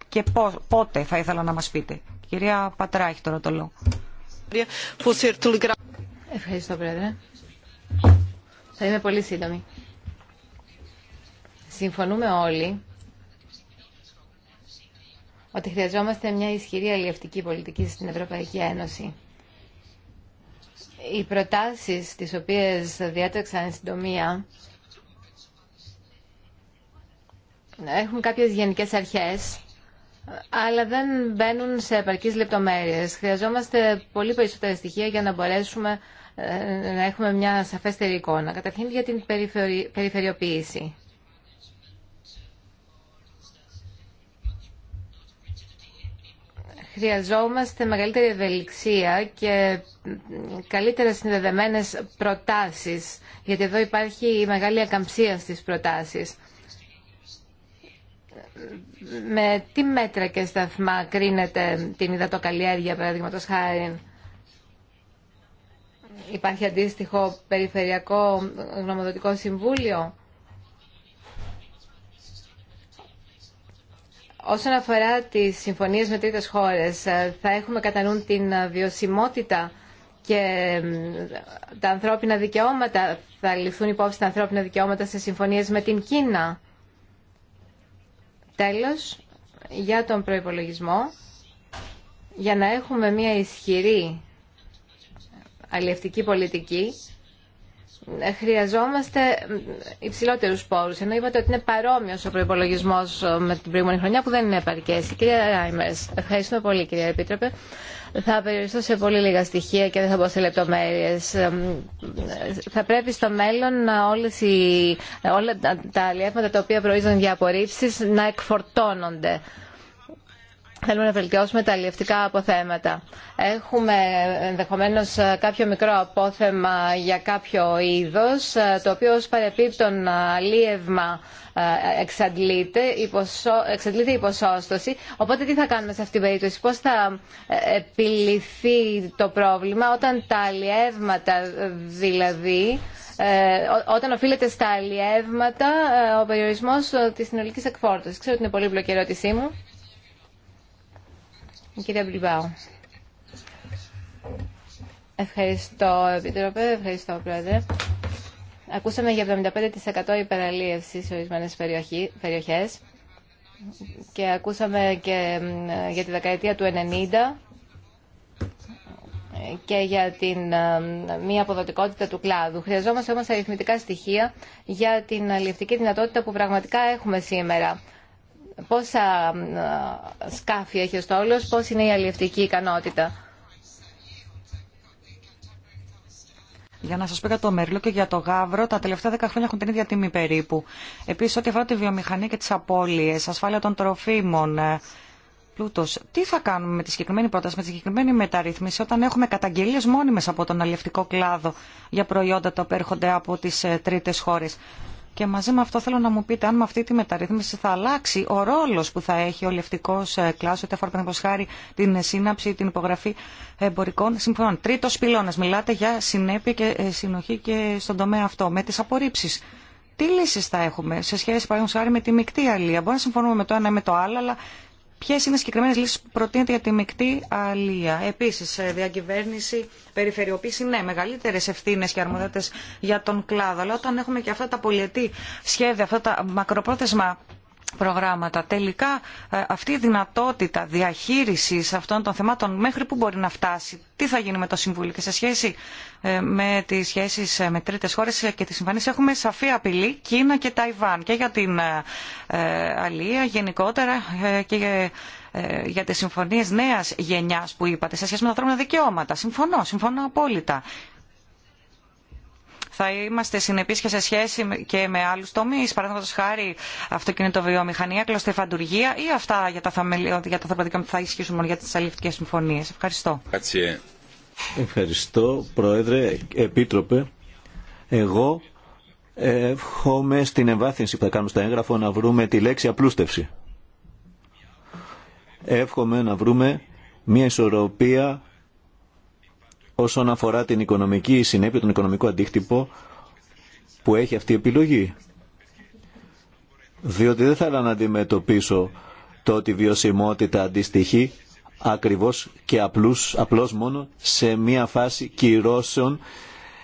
και πώς, πότε θα ήθελα να μας πείτε. Κυρία Πατράχη τώρα το λόγο. Ευχαριστώ, Πρόεδρε. Θα είμαι πολύ σύντομη συμφωνούμε όλοι ότι χρειαζόμαστε μια ισχυρή αλληλευτική πολιτική στην Ευρωπαϊκή Ένωση. Οι προτάσεις τις οποίες διέταξαν η συντομία έχουν κάποιες γενικές αρχές αλλά δεν μπαίνουν σε επαρκείς λεπτομέρειες. Χρειαζόμαστε πολύ περισσότερα στοιχεία για να μπορέσουμε ε, να έχουμε μια σαφέστερη εικόνα. Καταρχήν για την περιφερειοποίηση. Χρειαζόμαστε μεγαλύτερη ευελιξία και καλύτερα συνδεδεμένες προτάσεις, γιατί εδώ υπάρχει η μεγάλη ακαμψία στις προτάσεις. Με τι μέτρα και σταθμά κρίνεται την υδατοκαλλιέργεια, παραδείγματος χάρη. Υπάρχει αντίστοιχο περιφερειακό γνωμοδοτικό συμβούλιο. Όσον αφορά τις συμφωνίες με τρίτες χώρες, ε, θα έχουμε κατά νου την ε, βιωσιμότητα και τα ανθρώπινα δικαιώματα. Θα ληφθούν υπόψη τα ανθρώπινα δικαιώματα σε συμφωνίες με την Κίνα. Τέλος, για τον προϋπολογισμό, για να έχουμε μια ισχυρή αλληλευτική πολιτική, χρειαζόμαστε υψηλότερου πόρου. Ενώ είπατε ότι είναι παρόμοιο ο προπολογισμό ε, με την προηγούμενη χρονιά που δεν είναι επαρκέ. Κυρία Ράιμερ, ευχαριστούμε πολύ κυρία Επίτροπε. Θα περιοριστώ σε πολύ λίγα στοιχεία και δεν θα μπω σε λεπτομέρειες. Ε, ε, θα πρέπει στο μέλλον όλες οι, όλα τα αλλιεύματα τα οποία προείζουν για απορρίψει να εκφορτώνονται. Θέλουμε να βελτιώσουμε τα αλλιευτικά αποθέματα. Έχουμε ενδεχομένω κάποιο μικρό απόθεμα για κάποιο είδο, το οποίο ω παρεπίπτον αλλίευμα ε, εξαντλείται, εξαντλείται η ποσόστοση. Οπότε τι θα κάνουμε σε αυτήν την περίπτωση, πώς θα ε, επιληθεί το πρόβλημα όταν τα αλλιεύματα δηλαδή, ε, όταν οφείλεται στα αλλιεύματα ο περιορισμός της συνολικής εκφόρτωσης. Ξέρω ότι είναι πολύ πλοκή ερώτησή μου. Κύριε Μπλιμπάου. Ευχαριστώ, Επιτροπέ. Ευχαριστώ, Πρόεδρε. Ακούσαμε για 75% υπεραλίευση σε ορισμένες περιοχές και ακούσαμε και για τη δεκαετία του 90 και για την μη αποδοτικότητα του κλάδου. Χρειαζόμαστε όμως αριθμητικά στοιχεία για την αλληλευτική δυνατότητα που πραγματικά έχουμε σήμερα πόσα ε, σκάφη έχει ο στόλος, πώς είναι η αλληλευτική ικανότητα. Για να σα πω για το Μερλό και για το Γάβρο, τα τελευταία δέκα χρόνια έχουν την ίδια τιμή περίπου. Επίση, ό,τι αφορά τη βιομηχανία και τι απώλειε, ασφάλεια των τροφίμων, ε, πλούτο. Τι θα κάνουμε με τη συγκεκριμένη πρόταση, με τη συγκεκριμένη μεταρρύθμιση, όταν έχουμε καταγγελίε μόνιμε από τον αλληλευτικό κλάδο για προϊόντα τα οποία έρχονται από τι ε, τρίτε χώρε. Και μαζί με αυτό θέλω να μου πείτε αν με αυτή τη μεταρρύθμιση θα αλλάξει ο ρόλο που θα έχει ο λευτικό ε, κλάσο, είτε αφορά χάρη την σύναψη, την υπογραφή εμπορικών συμφωνών. Τρίτο πυλώνα. Μιλάτε για συνέπεια και ε, συνοχή και στον τομέα αυτό. Με τι απορρίψει. Τι λύσει θα έχουμε σε σχέση, παραδείγματο χάρη, με τη μεικτή αλία. Μπορεί να συμφωνούμε με το ένα ή με το άλλο, αλλά Ποιε είναι οι συγκεκριμένε λύσει που προτείνεται για τη μεικτή αλία. Επίση, ε, διακυβέρνηση, περιφερειοποίηση, ναι, μεγαλύτερε ευθύνε και αρμοδιότητε για τον κλάδο. Αλλά όταν έχουμε και αυτά τα πολιετή σχέδια, αυτά τα μακροπρόθεσμα προγράμματα. Τελικά ε, αυτή η δυνατότητα διαχείρισης αυτών των θεμάτων μέχρι που μπορεί να φτάσει, τι θα γίνει με το Συμβούλιο και σε σχέση ε, με τις σχέσεις ε, με τρίτες χώρες και τις συμφωνίες έχουμε σαφή απειλή Κίνα και Ταϊβάν και για την Αλία γενικότερα και για τις συμφωνίες νέας γενιάς που είπατε σε σχέση με τα ανθρώπινα δικαιώματα. Συμφωνώ, συμφωνώ απόλυτα θα είμαστε συνεπεί και σε σχέση και με άλλου τομεί, Παραδείγματο χάρη αυτοκινητοβιομηχανία, κλωστεφαντουργία ή αυτά για τα, θεμελιώδη, για που θα ισχύσουν μόνο για τι αλληλευτικές συμφωνίε. Ευχαριστώ. Ευχαριστώ, Πρόεδρε, Επίτροπε. Εγώ εύχομαι στην εμβάθυνση που θα κάνουμε στο έγγραφο να βρούμε τη λέξη απλούστευση. Εύχομαι να βρούμε μια ισορροπία όσον αφορά την οικονομική συνέπεια, τον οικονομικό αντίκτυπο που έχει αυτή η επιλογή. Διότι δεν θέλω να αντιμετωπίσω το ότι η βιωσιμότητα αντιστοιχεί ακριβώς και απλούς, απλώς μόνο σε μία φάση κυρώσεων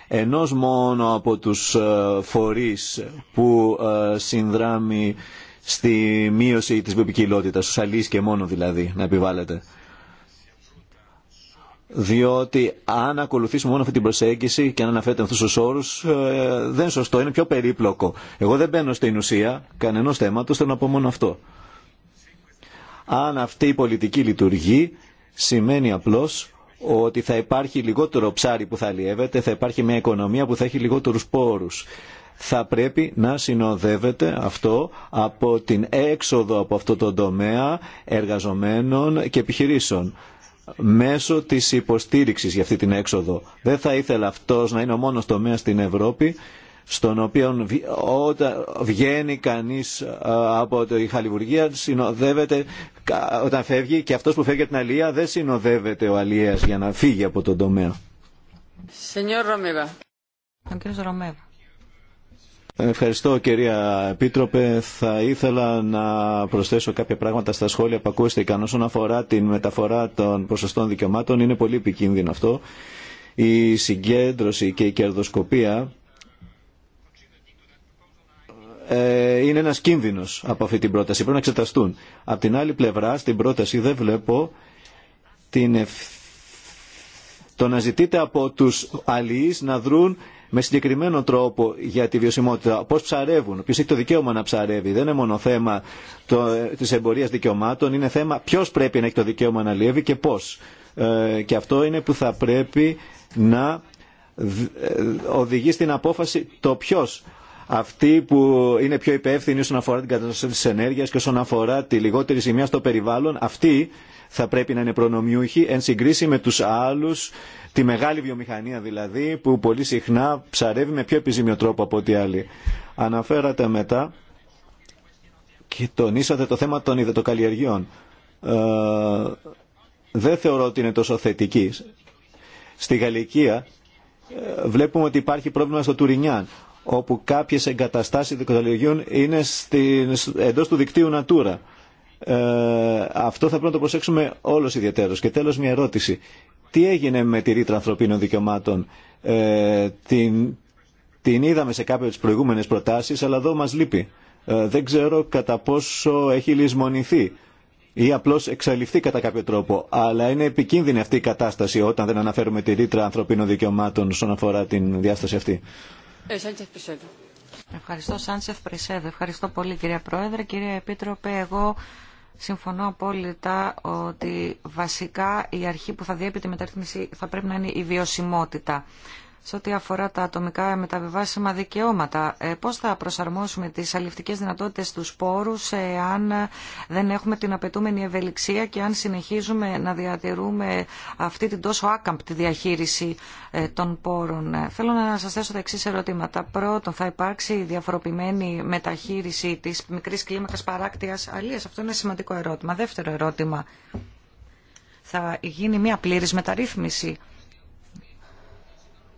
ενός μόνο από τους ε, φορείς που ε, συνδράμει στη μείωση της βιοποικιλότητας, στους αλείς και μόνο δηλαδή να επιβάλλεται διότι αν ακολουθήσουμε μόνο αυτή την προσέγγιση και αν αναφέρεται αυτούς τους όρους ε, δεν είναι σωστό, είναι πιο περίπλοκο. Εγώ δεν μπαίνω στην ουσία κάνενο θέματος, θέλω να πω μόνο αυτό. Αν αυτή η πολιτική λειτουργεί σημαίνει απλώς ότι θα υπάρχει λιγότερο ψάρι που θα αλλιεύεται, θα υπάρχει μια οικονομία που θα έχει λιγότερου πόρου, Θα πρέπει να συνοδεύεται αυτό από την έξοδο από αυτό το τομέα εργαζομένων και επιχειρήσεων μέσω της υποστήριξης για αυτή την έξοδο. Δεν θα ήθελα αυτός να είναι ο μόνος τομέας στην Ευρώπη στον οποίο όταν βγαίνει κανείς ε, από τη Χαλιβουργία συνοδεύεται όταν φεύγει και αυτός που φεύγει από την Αλία δεν συνοδεύεται ο Αλίας για να φύγει από τον τομέα. Σενιόρ Ο κύριος Ευχαριστώ κυρία Επίτροπε. Θα ήθελα να προσθέσω κάποια πράγματα στα σχόλια που ακούστηκαν. Όσον αφορά την μεταφορά των ποσοστών δικαιωμάτων είναι πολύ επικίνδυνο αυτό. Η συγκέντρωση και η κερδοσκοπία ε, είναι ένας κίνδυνος από αυτή την πρόταση. Πρέπει να εξεταστούν. Από την άλλη πλευρά στην πρόταση δεν βλέπω την το να ζητείτε από τους αλληλείς να δρουν με συγκεκριμένο τρόπο για τη βιωσιμότητα. Πώ ψαρεύουν, ποιο έχει το δικαίωμα να ψαρεύει. Δεν είναι μόνο θέμα τη εμπορία δικαιωμάτων, είναι θέμα ποιο πρέπει να έχει το δικαίωμα να λιεύει και πώ. Ε, και αυτό είναι που θα πρέπει να ε, οδηγεί στην απόφαση το ποιο. Αυτή που είναι πιο υπεύθυνοι όσον αφορά την κατάσταση τη ενέργεια και όσον αφορά τη λιγότερη ζημιά στο περιβάλλον, αυτοί θα πρέπει να είναι προνομιούχοι εν συγκρίση με τους άλλους, τη μεγάλη βιομηχανία δηλαδή, που πολύ συχνά ψαρεύει με πιο επιζήμιο τρόπο από ό,τι άλλοι. Αναφέρατε μετά και τονίσατε το θέμα των ιδετοκαλλιεργιών Ε, δεν θεωρώ ότι είναι τόσο θετική. Στη Γαλλικία ε, βλέπουμε ότι υπάρχει πρόβλημα στο Τουρινιάν, όπου κάποιες εγκαταστάσεις ιδετοκαλλιεργιών είναι στην, εντός του δικτύου Natura ε, αυτό θα πρέπει να το προσέξουμε όλος ιδιαίτερος. Και τέλος μια ερώτηση. Τι έγινε με τη ρήτρα ανθρωπίνων δικαιωμάτων. Ε, την, την είδαμε σε κάποιες τις προηγούμενες προτάσεις, αλλά εδώ μας λείπει. Ε, δεν ξέρω κατά πόσο έχει λησμονηθεί ή απλώς εξαλειφθεί κατά κάποιο τρόπο. Αλλά είναι επικίνδυνη αυτή η κατάσταση όταν δεν αναφέρουμε τη ρήτρα ανθρωπίνων δικαιωμάτων όσον αφορά την διάσταση αυτή. Ε, Ευχαριστώ Σάντσεφ Πρισέδο. Ευχαριστώ πολύ κυρία Πρόεδρε. Κυρία Επίτροπε, εγώ Συμφωνώ απόλυτα ότι βασικά η αρχή που θα διέπει τη μεταρρύθμιση θα πρέπει να είναι η βιωσιμότητα σε ό,τι αφορά τα ατομικά μεταβιβάσιμα δικαιώματα. Ε, πώς θα προσαρμόσουμε τις αλληλευτικές δυνατότητες στους πόρους ε, αν δεν έχουμε την απαιτούμενη ευελιξία και αν συνεχίζουμε να διατηρούμε αυτή την τόσο άκαμπτη διαχείριση ε, των πόρων. Θέλω να σας θέσω τα εξή ερωτήματα. Πρώτον, θα υπάρξει διαφοροποιημένη μεταχείριση της μικρής κλίμακας παράκτειας αλίας. Αυτό είναι σημαντικό ερώτημα. Δεύτερο ερώτημα. Θα γίνει μια πλήρης μεταρρύθμιση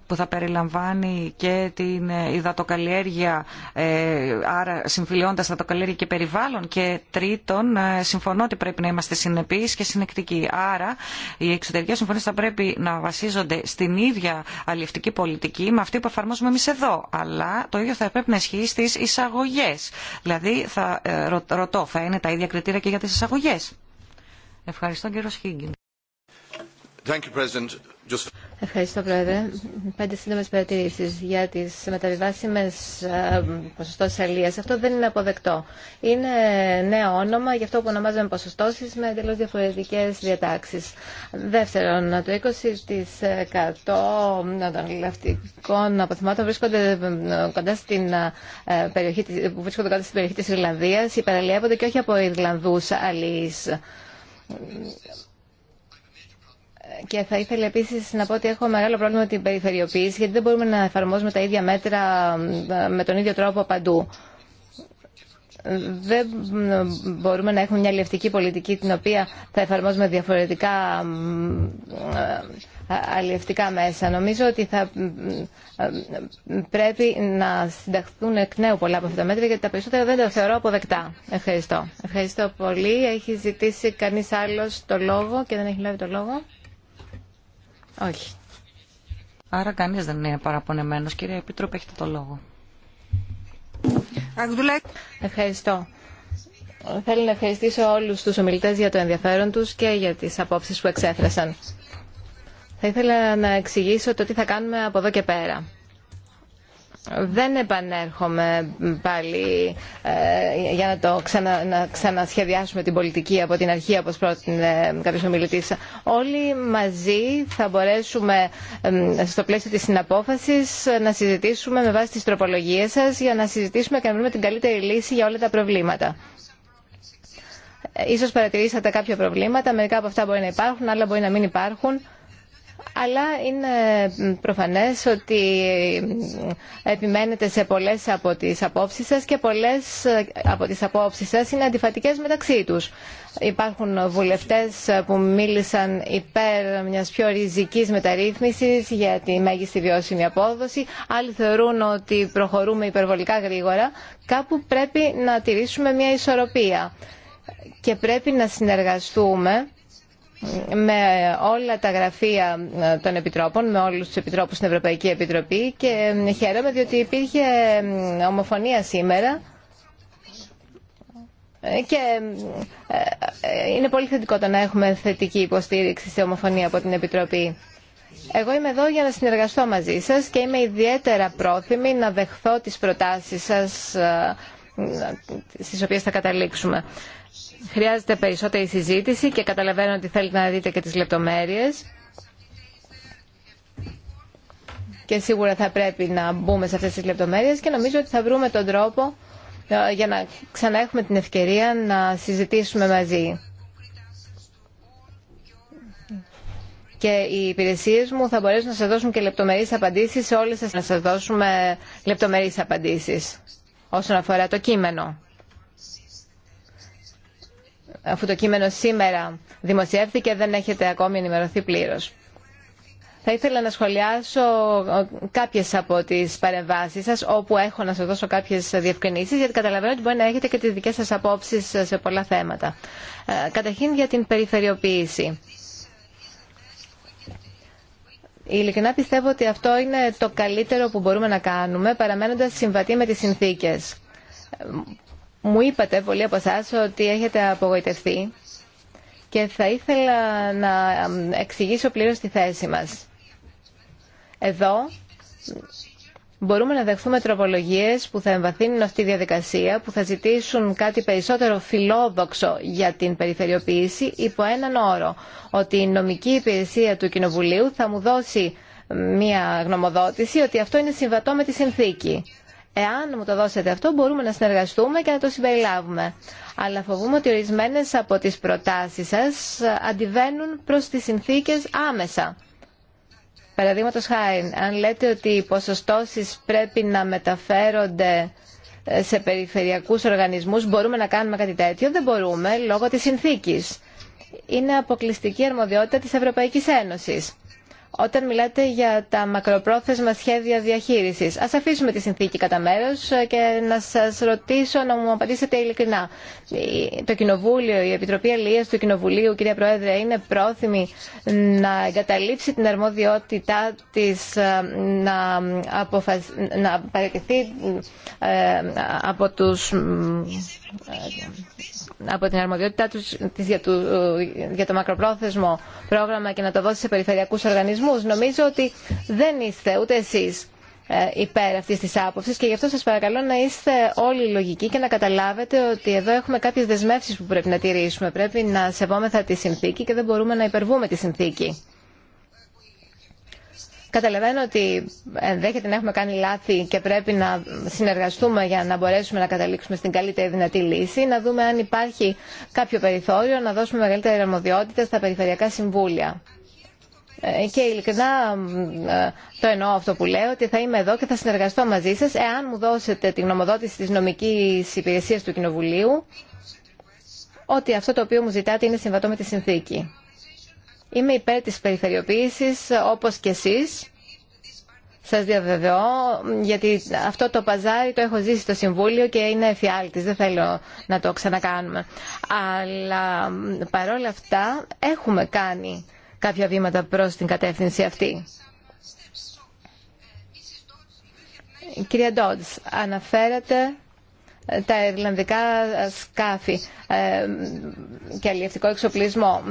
που θα περιλαμβάνει και την ε, υδατοκαλλιέργεια, ε, άρα συμφιλιώντα υδατοκαλλιέργεια και περιβάλλον. Και τρίτον, ε, συμφωνώ ότι πρέπει να είμαστε συνεπείς και συνεκτικοί. Άρα, οι εξωτερικέ συμφωνίε θα πρέπει να βασίζονται στην ίδια αλληλευτική πολιτική με αυτή που εφαρμόζουμε εμεί εδώ. Αλλά το ίδιο θα πρέπει να ισχύει στι εισαγωγέ. Δηλαδή, θα, ρωτώ, θα είναι τα ίδια κριτήρια και για τι εισαγωγέ. Ευχαριστώ, κύριο Ευχαριστώ, Πρόεδρε. Πέντε σύντομε παρατηρήσει για τι μεταβιβάσιμε ε, ποσοστό αλληλεία. Αυτό δεν είναι αποδεκτό. Είναι νέο όνομα για αυτό που ονομάζουμε ποσοστώσει με εντελώ διαφορετικέ διατάξει. Δεύτερον, το 20% των αλληλευτικών αποθυμάτων βρίσκονται ε, κοντά στην ε, περιοχή, που βρίσκονται κοντά στην περιοχή τη Ιρλανδία, υπεραλλιεύονται και όχι από Ιρλανδού αλληλεί και θα ήθελα επίση να πω ότι έχω μεγάλο πρόβλημα με την περιφερειοποίηση, γιατί δεν μπορούμε να εφαρμόζουμε τα ίδια μέτρα ε, με τον ίδιο τρόπο παντού. Δεν μπορούμε να έχουμε μια αλληλευτική πολιτική την οποία θα εφαρμόζουμε διαφορετικά ε, ε, αλληλευτικά μέσα. Νομίζω ότι θα πρέπει να συνταχθούν εκ νέου πολλά από αυτά τα μέτρα, γιατί τα περισσότερα δεν τα θεωρώ αποδεκτά. Ευχαριστώ. Ευχαριστώ πολύ. Έχει ζητήσει κανείς άλλος το λόγο και δεν έχει λάβει το λόγο. Όχι. Άρα κανείς δεν είναι παραπονεμένος. Κύριε Επίτροπε, έχετε το λόγο. Ευχαριστώ. Θέλω να ευχαριστήσω όλους τους ομιλητές για το ενδιαφέρον τους και για τις απόψεις που εξέφρασαν. Θα ήθελα να εξηγήσω το τι θα κάνουμε από εδώ και πέρα δεν επανέρχομαι πάλι ε, για να ξανασχεδιάσουμε την πολιτική από την αρχή όπω πρότεινε κάποιο ομιλητή. Όλοι μαζί θα μπορέσουμε ε, στο πλαίσιο τη συναπόφασης να συζητήσουμε με βάση τι τροπολογίε σα για να συζητήσουμε και να βρούμε την καλύτερη λύση για όλα τα προβλήματα. Ε, ίσως παρατηρήσατε κάποια προβλήματα, μερικά από αυτά μπορεί να υπάρχουν, άλλα μπορεί να μην υπάρχουν αλλά είναι προφανές ότι επιμένετε σε πολλές από τις απόψεις σας και πολλές ε, από τις απόψεις σας είναι αντιφατικές μεταξύ τους. Υπάρχουν βουλευτές που μίλησαν υπέρ μιας πιο ριζικής μεταρρύθμισης για τη μέγιστη βιώσιμη απόδοση. Άλλοι θεωρούν ότι προχωρούμε υπερβολικά γρήγορα. Κάπου πρέπει να τηρήσουμε μια ισορροπία και πρέπει να συνεργαστούμε με όλα τα γραφεία ε, των επιτρόπων, με όλους τους επιτρόπους στην Ευρωπαϊκή Επιτροπή και ε, χαίρομαι διότι υπήρχε ε, ομοφωνία σήμερα και είναι πολύ θετικό το να έχουμε θετική υποστήριξη σε ομοφωνία από την Επιτροπή. Εγώ είμαι εδώ για να συνεργαστώ μαζί σας και είμαι ιδιαίτερα πρόθυμη να δεχθώ τις προτάσεις σας στις οποίες θα καταλήξουμε. Χρειάζεται περισσότερη συζήτηση και καταλαβαίνω ότι θέλετε να δείτε και τις λεπτομέρειες. Και σίγουρα θα πρέπει να μπούμε σε αυτές τις λεπτομέρειες και νομίζω ότι θα βρούμε τον τρόπο ε, για να ξανά έχουμε την ευκαιρία να συζητήσουμε μαζί. και οι υπηρεσίε μου θα μπορέσουν να σα δώσουν και λεπτομερεί απαντήσει σε όλε σα. Να σα δώσουμε λεπτομερεί απαντήσει όσον αφορά το κείμενο αφού το κείμενο σήμερα δημοσιεύθηκε δεν έχετε ακόμη ενημερωθεί πλήρω. Θα ήθελα να σχολιάσω ε, κάποιες από τις παρεμβάσει σας, όπου έχω να σα δώσω κάποιες διευκρινήσει, γιατί καταλαβαίνω ότι μπορεί να έχετε και τις δικές σας απόψεις σε πολλά θέματα. Ε, καταρχήν για την περιφερειοποίηση. Ειλικρινά πιστεύω ότι αυτό είναι το καλύτερο που μπορούμε να κάνουμε, παραμένοντας συμβατοί με τις συνθήκες μου είπατε πολλοί από εσά ότι έχετε απογοητευτεί και θα ήθελα να εξηγήσω πλήρως τη θέση μας. Εδώ μπορούμε να δεχθούμε τροπολογίες που θα εμβαθύνουν αυτή τη διαδικασία, που θα ζητήσουν κάτι περισσότερο φιλόδοξο για την περιφερειοποίηση υπό έναν όρο, ότι η νομική υπηρεσία του Κοινοβουλίου θα μου δώσει μια γνωμοδότηση ότι αυτό είναι συμβατό με τη συνθήκη. Εάν μου το δώσετε αυτό, μπορούμε να συνεργαστούμε και να το συμπεριλάβουμε. Αλλά φοβούμαι ότι ορισμένε από τι προτάσει σα αντιβαίνουν προ τι συνθήκε άμεσα. Παραδείγματο χάρη, αν λέτε ότι οι ποσοστώσει πρέπει να μεταφέρονται ε, σε περιφερειακούς οργανισμούς μπορούμε να κάνουμε κάτι τέτοιο. Δεν μπορούμε λόγω της συνθήκης. Είναι αποκλειστική αρμοδιότητα της Ευρωπαϊκής Ένωσης όταν μιλάτε για τα μακροπρόθεσμα σχέδια διαχείρισης. Ας αφήσουμε τη συνθήκη κατά μέρο και να σας ρωτήσω να μου απαντήσετε ειλικρινά. Το Κοινοβούλιο, η Επιτροπή Αλληλείας του Κοινοβουλίου, κυρία Πρόεδρε, είναι πρόθυμη να εγκαταλείψει την αρμόδιότητά της ε, να, αποφασ... να παραιτηθεί ε, από τους ε, από την αρμοδιότητά τους για, του, για το μακροπρόθεσμο πρόγραμμα και να το δώσει σε περιφερειακούς οργανισμούς. Νομίζω ότι δεν είστε ούτε εσεί ε, υπέρ αυτή τη άποψη και γι' αυτό σα παρακαλώ να είστε όλοι λογικοί και να καταλάβετε ότι εδώ έχουμε κάποιε δεσμεύσει που πρέπει να τηρήσουμε. Πρέπει να σεβόμεθα τη συνθήκη και δεν μπορούμε να υπερβούμε τη συνθήκη. Καταλαβαίνω ότι ενδέχεται να έχουμε κάνει λάθη και πρέπει να συνεργαστούμε για να μπορέσουμε να καταλήξουμε στην καλύτερη δυνατή λύση, να δούμε αν υπάρχει κάποιο περιθώριο, να δώσουμε μεγαλύτερη αρμοδιότητα στα περιφερειακά συμβούλια. Ε, και ειλικρινά ε, το εννοώ αυτό που λέω, ότι θα είμαι εδώ και θα συνεργαστώ μαζί σας εάν μου δώσετε τη γνωμοδότηση της νομικής υπηρεσίας του Κοινοβουλίου ότι αυτό το οποίο μου ζητάτε είναι συμβατό με τη συνθήκη. Είμαι υπέρ της περιφερειοποίησης όπως και εσείς. Σας διαβεβαιώ, γιατί αυτό το παζάρι το έχω ζήσει στο Συμβούλιο και είναι εφιάλτης, δεν θέλω να το ξανακάνουμε. Αλλά παρόλα αυτά έχουμε κάνει κάποια βήματα προς την κατεύθυνση αυτή. Κυρία Ντότς, αναφέρατε τα Ιρλανδικά σκάφη ε, και αλληλευτικό εξοπλισμό.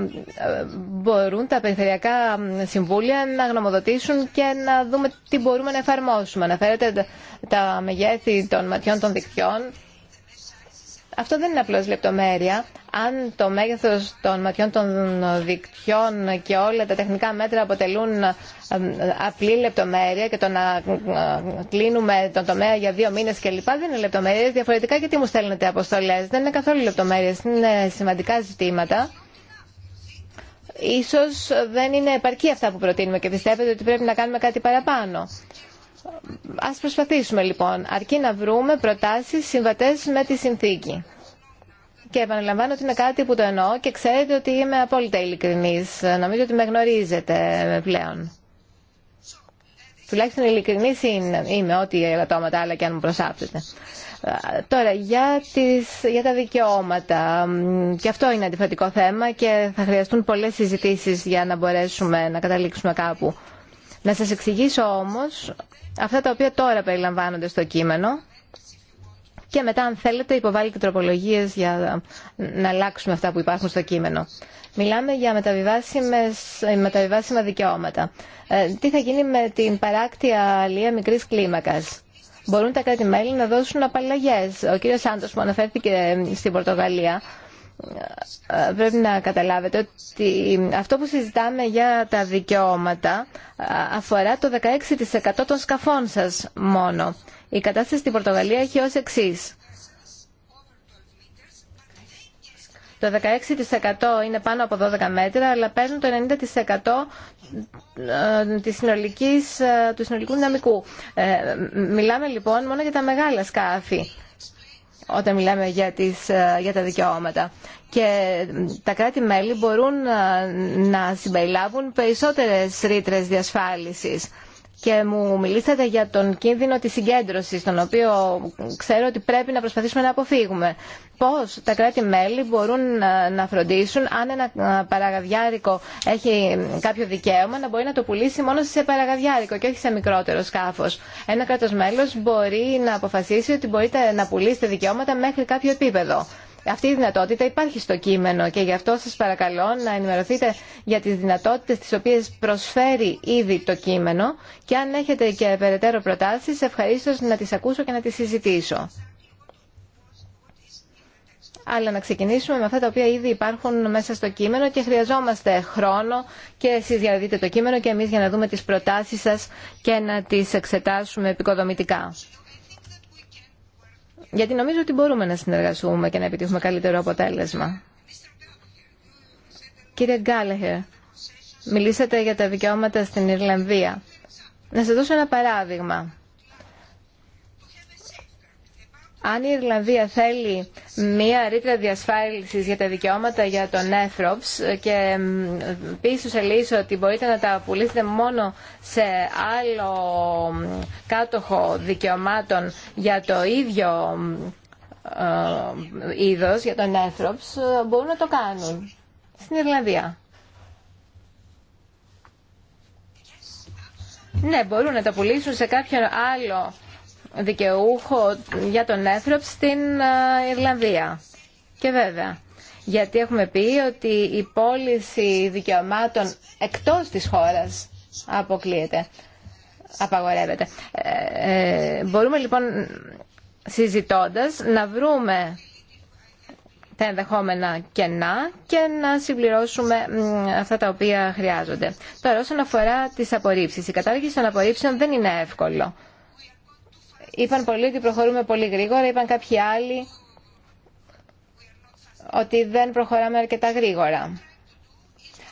Μπορούν τα περιφερειακά συμβούλια να γνωμοδοτήσουν και να δούμε τι μπορούμε να εφαρμόσουμε. Αναφέρεται τα μεγέθη των ματιών των δικτυών. Αυτό δεν είναι απλώς λεπτομέρεια, αν το μέγεθος των ματιών των δικτυών και όλα τα τεχνικά μέτρα αποτελούν ε, απλή λεπτομέρεια και το να ε, κλείνουμε τον τομέα για δύο μήνες κλπ. Δεν είναι λεπτομέρειες. Διαφορετικά γιατί μου στέλνετε αποστολές. Δεν είναι καθόλου λεπτομέρειες. Είναι σημαντικά ζητήματα. Ίσως δεν είναι επαρκή αυτά που προτείνουμε και πιστεύετε ότι πρέπει να κάνουμε κάτι παραπάνω. Ας προσπαθήσουμε λοιπόν, αρκεί να βρούμε προτάσεις συμβατές με τη συνθήκη. Και επαναλαμβάνω ότι είναι κάτι που το εννοώ και ξέρετε ότι είμαι απόλυτα ειλικρινής. Νομίζω ότι με γνωρίζετε πλέον. Τουλάχιστον ειλικρινής είμαι ό,τι ελαττώματα άλλα και αν μου προσάπτετε. Τώρα, για, τις, για τα δικαιώματα. Και αυτό είναι αντιφατικό θέμα και θα χρειαστούν πολλές συζητήσεις για να μπορέσουμε να καταλήξουμε κάπου. Να σας εξηγήσω όμως αυτά τα οποία τώρα περιλαμβάνονται στο κείμενο και μετά αν θέλετε υποβάλλετε τροπολογίες για να αλλάξουμε αυτά που υπάρχουν στο κείμενο. Μιλάμε για μεταβιβάσιμα δικαιώματα. Ε, τι θα γίνει με την παράκτια αλία μικρής κλίμακας. Μπορούν τα κράτη-μέλη να δώσουν απαλλαγές. Ο κύριος Σάντος που αναφέρθηκε ε, στην Πορτογαλία ε, πρέπει να καταλάβετε ότι αυτό που συζητάμε για τα δικαιώματα αφορά το 16% των σκαφών σας μόνο. Η κατάσταση στην Πορτογαλία έχει ως εξής. Το 16% είναι πάνω από 12 μέτρα, αλλά παίρνουν το 90% ε, της συνολικής, ε, του συνολικού δυναμικού. Ε, μιλάμε λοιπόν μόνο για τα μεγάλα σκάφη όταν μιλάμε για, τις, για τα δικαιώματα. Και τα κράτη-μέλη μπορούν να συμπεριλάβουν περισσότερες ρήτρες διασφάλισης και μου μιλήσατε για τον κίνδυνο της συγκέντρωσης, τον οποίο ξέρω ότι πρέπει να προσπαθήσουμε να αποφύγουμε. Πώς τα κράτη-μέλη μπορούν να φροντίσουν αν ένα παραγαδιάρικο έχει κάποιο δικαίωμα να μπορεί να το πουλήσει μόνο σε παραγαδιάρικο και όχι σε μικρότερο σκάφος. Ένα κράτος μέλος μπορεί να αποφασίσει ότι μπορείτε να πουλήσετε δικαιώματα μέχρι κάποιο επίπεδο. Αυτή η δυνατότητα υπάρχει στο κείμενο και γι' αυτό σας παρακαλώ να ενημερωθείτε για τις δυνατότητες τις οποίες προσφέρει ήδη το κείμενο και αν έχετε και περαιτέρω προτάσεις ευχαρίστω να τις ακούσω και να τις συζητήσω. Αλλά να ξεκινήσουμε με αυτά τα οποία ήδη υπάρχουν μέσα στο κείμενο και χρειαζόμαστε χρόνο και εσείς για να δείτε το κείμενο και εμείς για να δούμε τις προτάσεις σας και να τις εξετάσουμε επικοδομητικά γιατί νομίζω ότι μπορούμε να συνεργαστούμε και να επιτύχουμε καλύτερο αποτέλεσμα. Κύριε Γκάλεχερ, μιλήσατε για τα δικαιώματα στην Ιρλανδία. Να σας δώσω ένα παράδειγμα. Αν η Ιρλανδία θέλει μία ρήτρα διασφάλιση για τα δικαιώματα για τον Έθροψ και πει στου ότι μπορείτε να τα πουλήσετε μόνο σε άλλο κάτοχο δικαιωμάτων για το ίδιο ε, είδος, για τον Έθροψ, ε, μπορούν να το κάνουν στην Ιρλανδία. Ναι, μπορούν να τα πουλήσουν σε κάποιον άλλο δικαιούχο για τον έθροπ στην ε, Ιρλανδία. Και βέβαια, γιατί έχουμε πει ότι η πώληση δικαιωμάτων εκτός της χώρας αποκλείεται, απαγορεύεται. Ε, ε, μπορούμε λοιπόν συζητώντας να βρούμε τα ενδεχόμενα κενά και να συμπληρώσουμε αυτά τα οποία χρειάζονται. Τώρα όσον αφορά τις απορρίψεις, η κατάργηση των απορρίψεων δεν είναι εύκολο. Είπαν πολλοί ότι προχωρούμε πολύ γρήγορα, είπαν κάποιοι άλλοι ότι δεν προχωράμε αρκετά γρήγορα.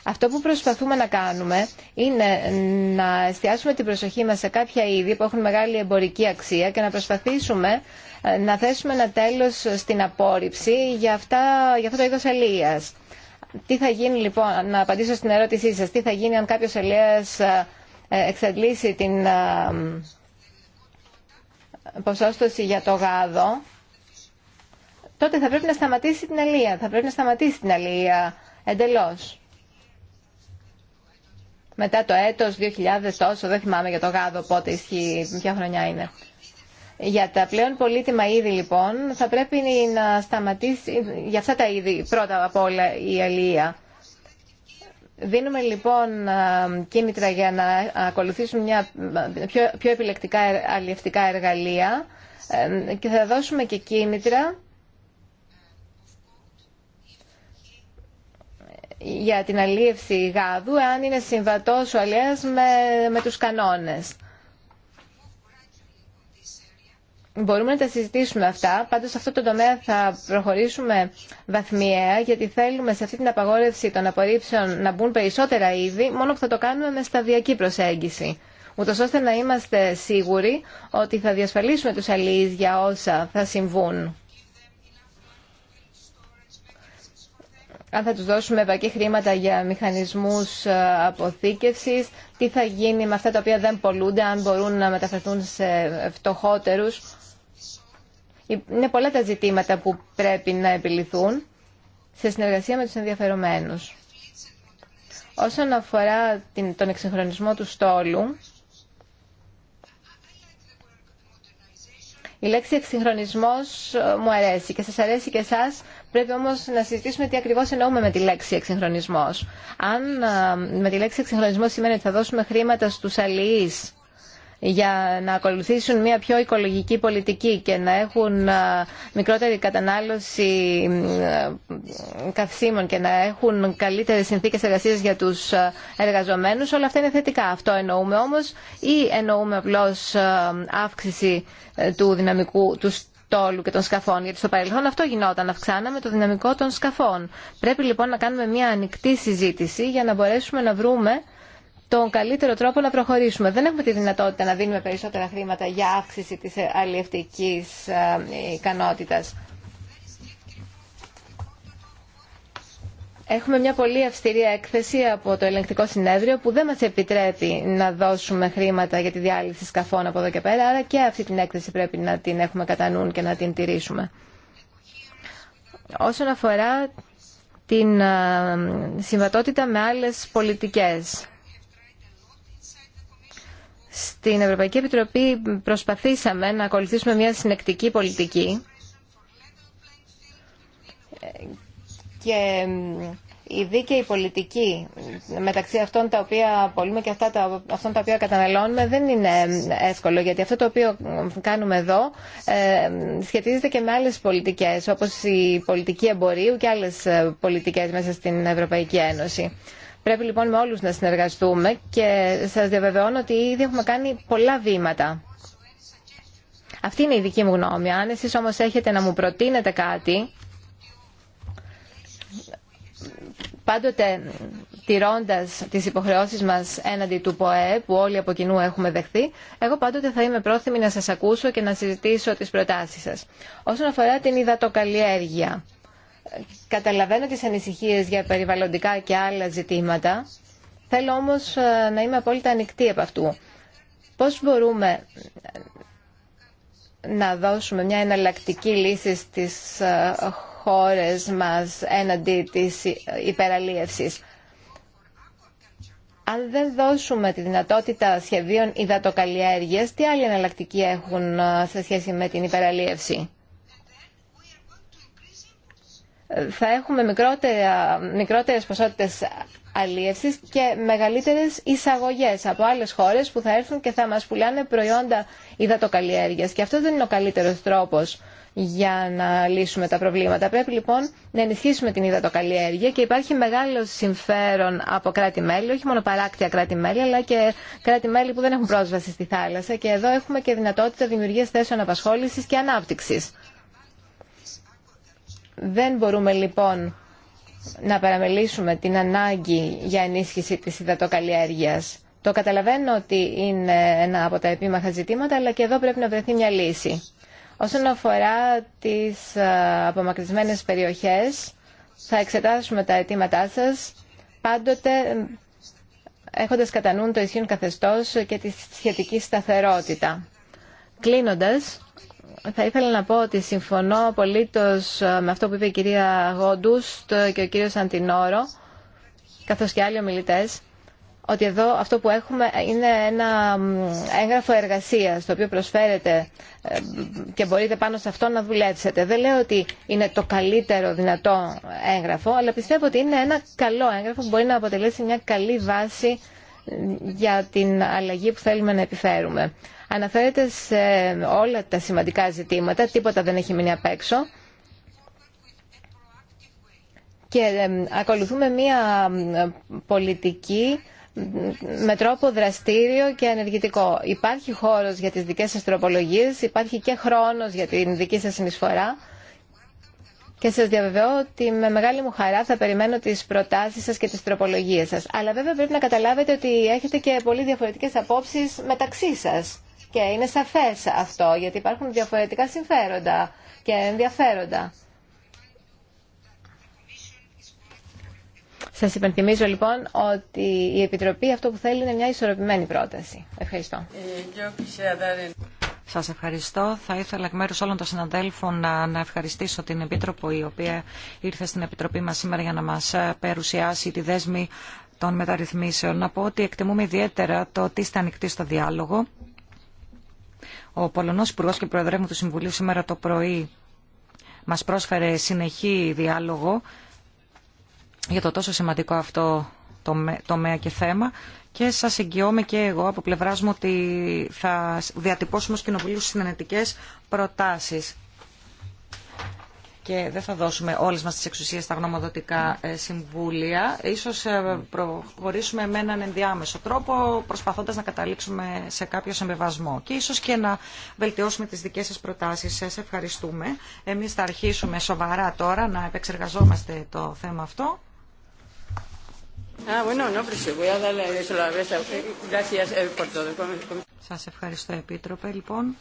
Αυτό που προσπαθούμε να κάνουμε είναι να εστιάσουμε την προσοχή μας σε κάποια είδη που έχουν μεγάλη εμπορική αξία και να προσπαθήσουμε ε, να θέσουμε ένα τέλος στην απόρριψη για, αυτά, για αυτό το είδος ελίας. Τι θα γίνει λοιπόν, να απαντήσω στην ερώτησή σας, τι θα γίνει αν κάποιος ελίας ε, εξαντλήσει την ε, ποσόστοση για το γάδο, τότε θα πρέπει να σταματήσει την αλία. Θα πρέπει να σταματήσει την αλία εντελώς. Μετά το έτος 2000 τόσο, δεν θυμάμαι για το γάδο πότε ισχύει, ποια χρονιά είναι. Για τα πλέον πολύτιμα είδη λοιπόν θα πρέπει να σταματήσει για αυτά τα είδη πρώτα απ' όλα η αλία. Δίνουμε λοιπόν ε, κίνητρα για να ακολουθήσουμε μια ε, πιο, πιο επιλεκτικά ε, αλλιευτικά εργαλεία και θα δώσουμε και κίνητρα για την αλλίευση γάδου αν είναι συμβατός ο αλλιέας με, με τους κανόνες. Μπορούμε να τα συζητήσουμε αυτά, πάντως σε αυτό το τομέα θα προχωρήσουμε βαθμιαία γιατί θέλουμε σε αυτή την απαγόρευση των απορρίψεων να μπουν περισσότερα είδη, μόνο που θα το κάνουμε με σταδιακή προσέγγιση. Ούτω ώστε να είμαστε σίγουροι ότι θα διασφαλίσουμε τους αλληλείς για όσα θα συμβούν. αν θα τους δώσουμε επαρκή χρήματα για μηχανισμούς ε, αποθήκευσης, τι θα γίνει με αυτά τα οποία δεν πολλούνται, αν μπορούν να μεταφερθούν σε φτωχότερους. Είναι πολλά τα ζητήματα που πρέπει να επιληθούν σε συνεργασία με τους ενδιαφερομένους. Όσον αφορά τον εξυγχρονισμό του στόλου, η λέξη εξυγχρονισμός ε, μου αρέσει και σας αρέσει και εσάς, πρέπει όμως να συζητήσουμε τι ακριβώς εννοούμε με τη λέξη εξυγχρονισμός. Αν ε, με τη λέξη εξυγχρονισμός σημαίνει ότι θα δώσουμε χρήματα στους αλληλείς για να ακολουθήσουν μια πιο οικολογική πολιτική και να έχουν μικρότερη κατανάλωση καυσίμων και να έχουν καλύτερες συνθήκες εργασίας για τους εργαζομένους, όλα αυτά είναι θετικά. Αυτό εννοούμε όμως ή εννοούμε απλώς αύξηση ε, του δυναμικού του στόλου και των σκαφών. Γιατί στο παρελθόν αυτό γινόταν, αυξάναμε το δυναμικό των σκαφών. Πρέπει λοιπόν να κάνουμε μια ανοιχτή συζήτηση για να μπορέσουμε να βρούμε τον καλύτερο τρόπο να προχωρήσουμε. Δεν έχουμε τη δυνατότητα να δίνουμε περισσότερα χρήματα για αύξηση της αλλιευτικής ε, ικανότητας. Έχουμε μια πολύ αυστηρή έκθεση από το ελεγκτικό συνέδριο που δεν μας επιτρέπει να δώσουμε χρήματα για τη διάλυση σκαφών από εδώ και πέρα, άρα και αυτή την έκθεση πρέπει να την έχουμε κατά νου και να την τηρήσουμε. Όσον αφορά την ε, συμβατότητα με άλλες πολιτικές, στην Ευρωπαϊκή Επιτροπή προσπαθήσαμε να ακολουθήσουμε μια συνεκτική πολιτική και ε, η δίκαιη πολιτική μεταξύ αυτών τα οποία πολλούμε και αυτά τα, αυτών τα οποία καταναλώνουμε δεν είναι εύκολο γιατί αυτό το οποίο κάνουμε εδώ ε, σχετίζεται και με άλλες πολιτικές όπως η πολιτική εμπορίου και άλλες πολιτικές μέσα στην Ευρωπαϊκή Ένωση. Πρέπει λοιπόν με όλους να συνεργαστούμε και σας διαβεβαιώνω ότι ήδη έχουμε κάνει πολλά βήματα. Αυτή είναι η δική μου γνώμη. Αν εσείς όμως έχετε να μου προτείνετε κάτι, πάντοτε τηρώντας τις υποχρεώσεις μας έναντι του ΠΟΕ που όλοι από κοινού έχουμε δεχθεί, εγώ πάντοτε θα είμαι πρόθυμη να σας ακούσω και να συζητήσω τις προτάσεις σας. Όσον αφορά την υδατοκαλλιέργεια, Καταλαβαίνω τις ανησυχίες για περιβαλλοντικά και άλλα ζητήματα. Θέλω όμως ε, να είμαι απόλυτα ανοιχτή από αυτού. Πώς μπορούμε να δώσουμε μια εναλλακτική λύση στις ε, χώρες μας έναντι της υπεραλίευσης. Αν δεν δώσουμε τη δυνατότητα σχεδίων υδατοκαλλιέργειας, τι άλλη εναλλακτική έχουν ε, σε σχέση με την υπεραλίευση θα έχουμε μικρότερα, μικρότερες ποσότητες αλίευσης και μεγαλύτερες εισαγωγές από άλλες χώρες που θα έρθουν και θα μας πουλάνε προϊόντα υδατοκαλλιέργειας. Και αυτό δεν είναι ο καλύτερος τρόπος για να λύσουμε τα προβλήματα. Πρέπει λοιπόν να ενισχύσουμε την υδατοκαλλιέργεια και υπάρχει μεγάλο συμφέρον από κράτη-μέλη, όχι μόνο παράκτια κράτη-μέλη, αλλά και κράτη-μέλη που δεν έχουν πρόσβαση στη θάλασσα. Και εδώ έχουμε και δυνατότητα δημιουργία θέσεων απασχόληση και ανάπτυξη. Δεν μπορούμε λοιπόν να παραμελήσουμε την ανάγκη για ενίσχυση της υδατοκαλλιέργειας. Το καταλαβαίνω ότι είναι ένα από τα επίμαχα ζητήματα, αλλά και εδώ πρέπει να βρεθεί μια λύση. Όσον αφορά τις ε, απομακρυσμένες περιοχές, θα εξετάσουμε τα αιτήματά σας, πάντοτε έχοντας κατά νου το ισχύον καθεστώς και τη σχετική σταθερότητα. Κλείνοντας, θα ήθελα να πω ότι συμφωνώ απολύτως ε, με αυτό που είπε η κυρία Γόντουστ και ο κύριος Αντινόρο, καθώς και άλλοι ομιλητές, ότι εδώ αυτό που έχουμε είναι ένα έγγραφο εργασίας το οποίο προσφέρετε και μπορείτε πάνω σε αυτό να δουλέψετε. Δεν λέω ότι είναι το καλύτερο δυνατό έγγραφο, αλλά πιστεύω ότι είναι ένα καλό έγγραφο που μπορεί να αποτελέσει μια καλή βάση για την αλλαγή που θέλουμε να επιφέρουμε. Αναφέρεται σε όλα τα σημαντικά ζητήματα, τίποτα δεν έχει μείνει απ' έξω και ε, ακολουθούμε μία ε, πολιτική ε, με τρόπο δραστήριο και ενεργητικό. Υπάρχει χώρος για τις δικές σας τροπολογίες, υπάρχει και χρόνος για την δική σας συνεισφορά και σα διαβεβαιώ ότι με μεγάλη μου χαρά θα περιμένω τις προτάσεις σας και τις τροπολογίε σας. Αλλά βέβαια πρέπει να καταλάβετε ότι έχετε και πολύ διαφορετικές απόψει μεταξύ σας. Και είναι σαφές αυτό, γιατί υπάρχουν διαφορετικά συμφέροντα και ενδιαφέροντα. Σας υπενθυμίζω λοιπόν ότι η Επιτροπή αυτό που θέλει είναι μια ισορροπημένη πρόταση. Ευχαριστώ. Ε, σας ευχαριστώ. Θα ήθελα εκ μέρους όλων των συναντέλφων να, ευχαριστήσω την Επίτροπο η οποία ήρθε στην Επιτροπή μας σήμερα για να μας ε, παρουσιάσει τη δέσμη των μεταρρυθμίσεων. Να πω ότι εκτιμούμε ιδιαίτερα το ότι είστε ανοιχτοί στο διάλογο. Ο Πολωνός Υπουργό και Προεδρεύου του Συμβουλίου σήμερα το πρωί μας πρόσφερε συνεχή διάλογο για το τόσο σημαντικό αυτό τομέα και θέμα και σα εγγυώμαι και εγώ από πλευρά μου ότι θα διατυπώσουμε ω κοινοβουλίου συνενετικέ προτάσεις και δεν θα δώσουμε όλες μας τις εξουσίες στα γνωμοδοτικά ε, συμβούλια. Ίσως ε, προχωρήσουμε με έναν ενδιάμεσο τρόπο, προσπαθώντας να καταλήξουμε σε κάποιο συμβεβασμό και ίσως και να βελτιώσουμε τις δικές σας προτάσεις. Σας ευχαριστούμε. Εμείς θα αρχίσουμε σοβαρά τώρα να επεξεργαζόμαστε το θέμα αυτό Ah, bueno, no, pero voy a la Gracias eh, por todo. Σας ευχαριστώ, Επίτροπε. Λοιπόν,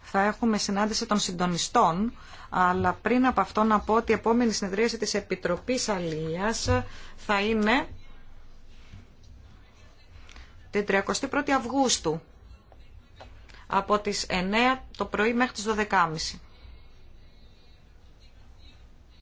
θα έχουμε συνάντηση των συντονιστών, αλλά πριν από αυτό να πω ότι η επόμενη συνεδρίαση της Επιτροπής Αλίας θα είναι την 31η Αυγούστου από τις 9 το πρωί μέχρι τις 12.30.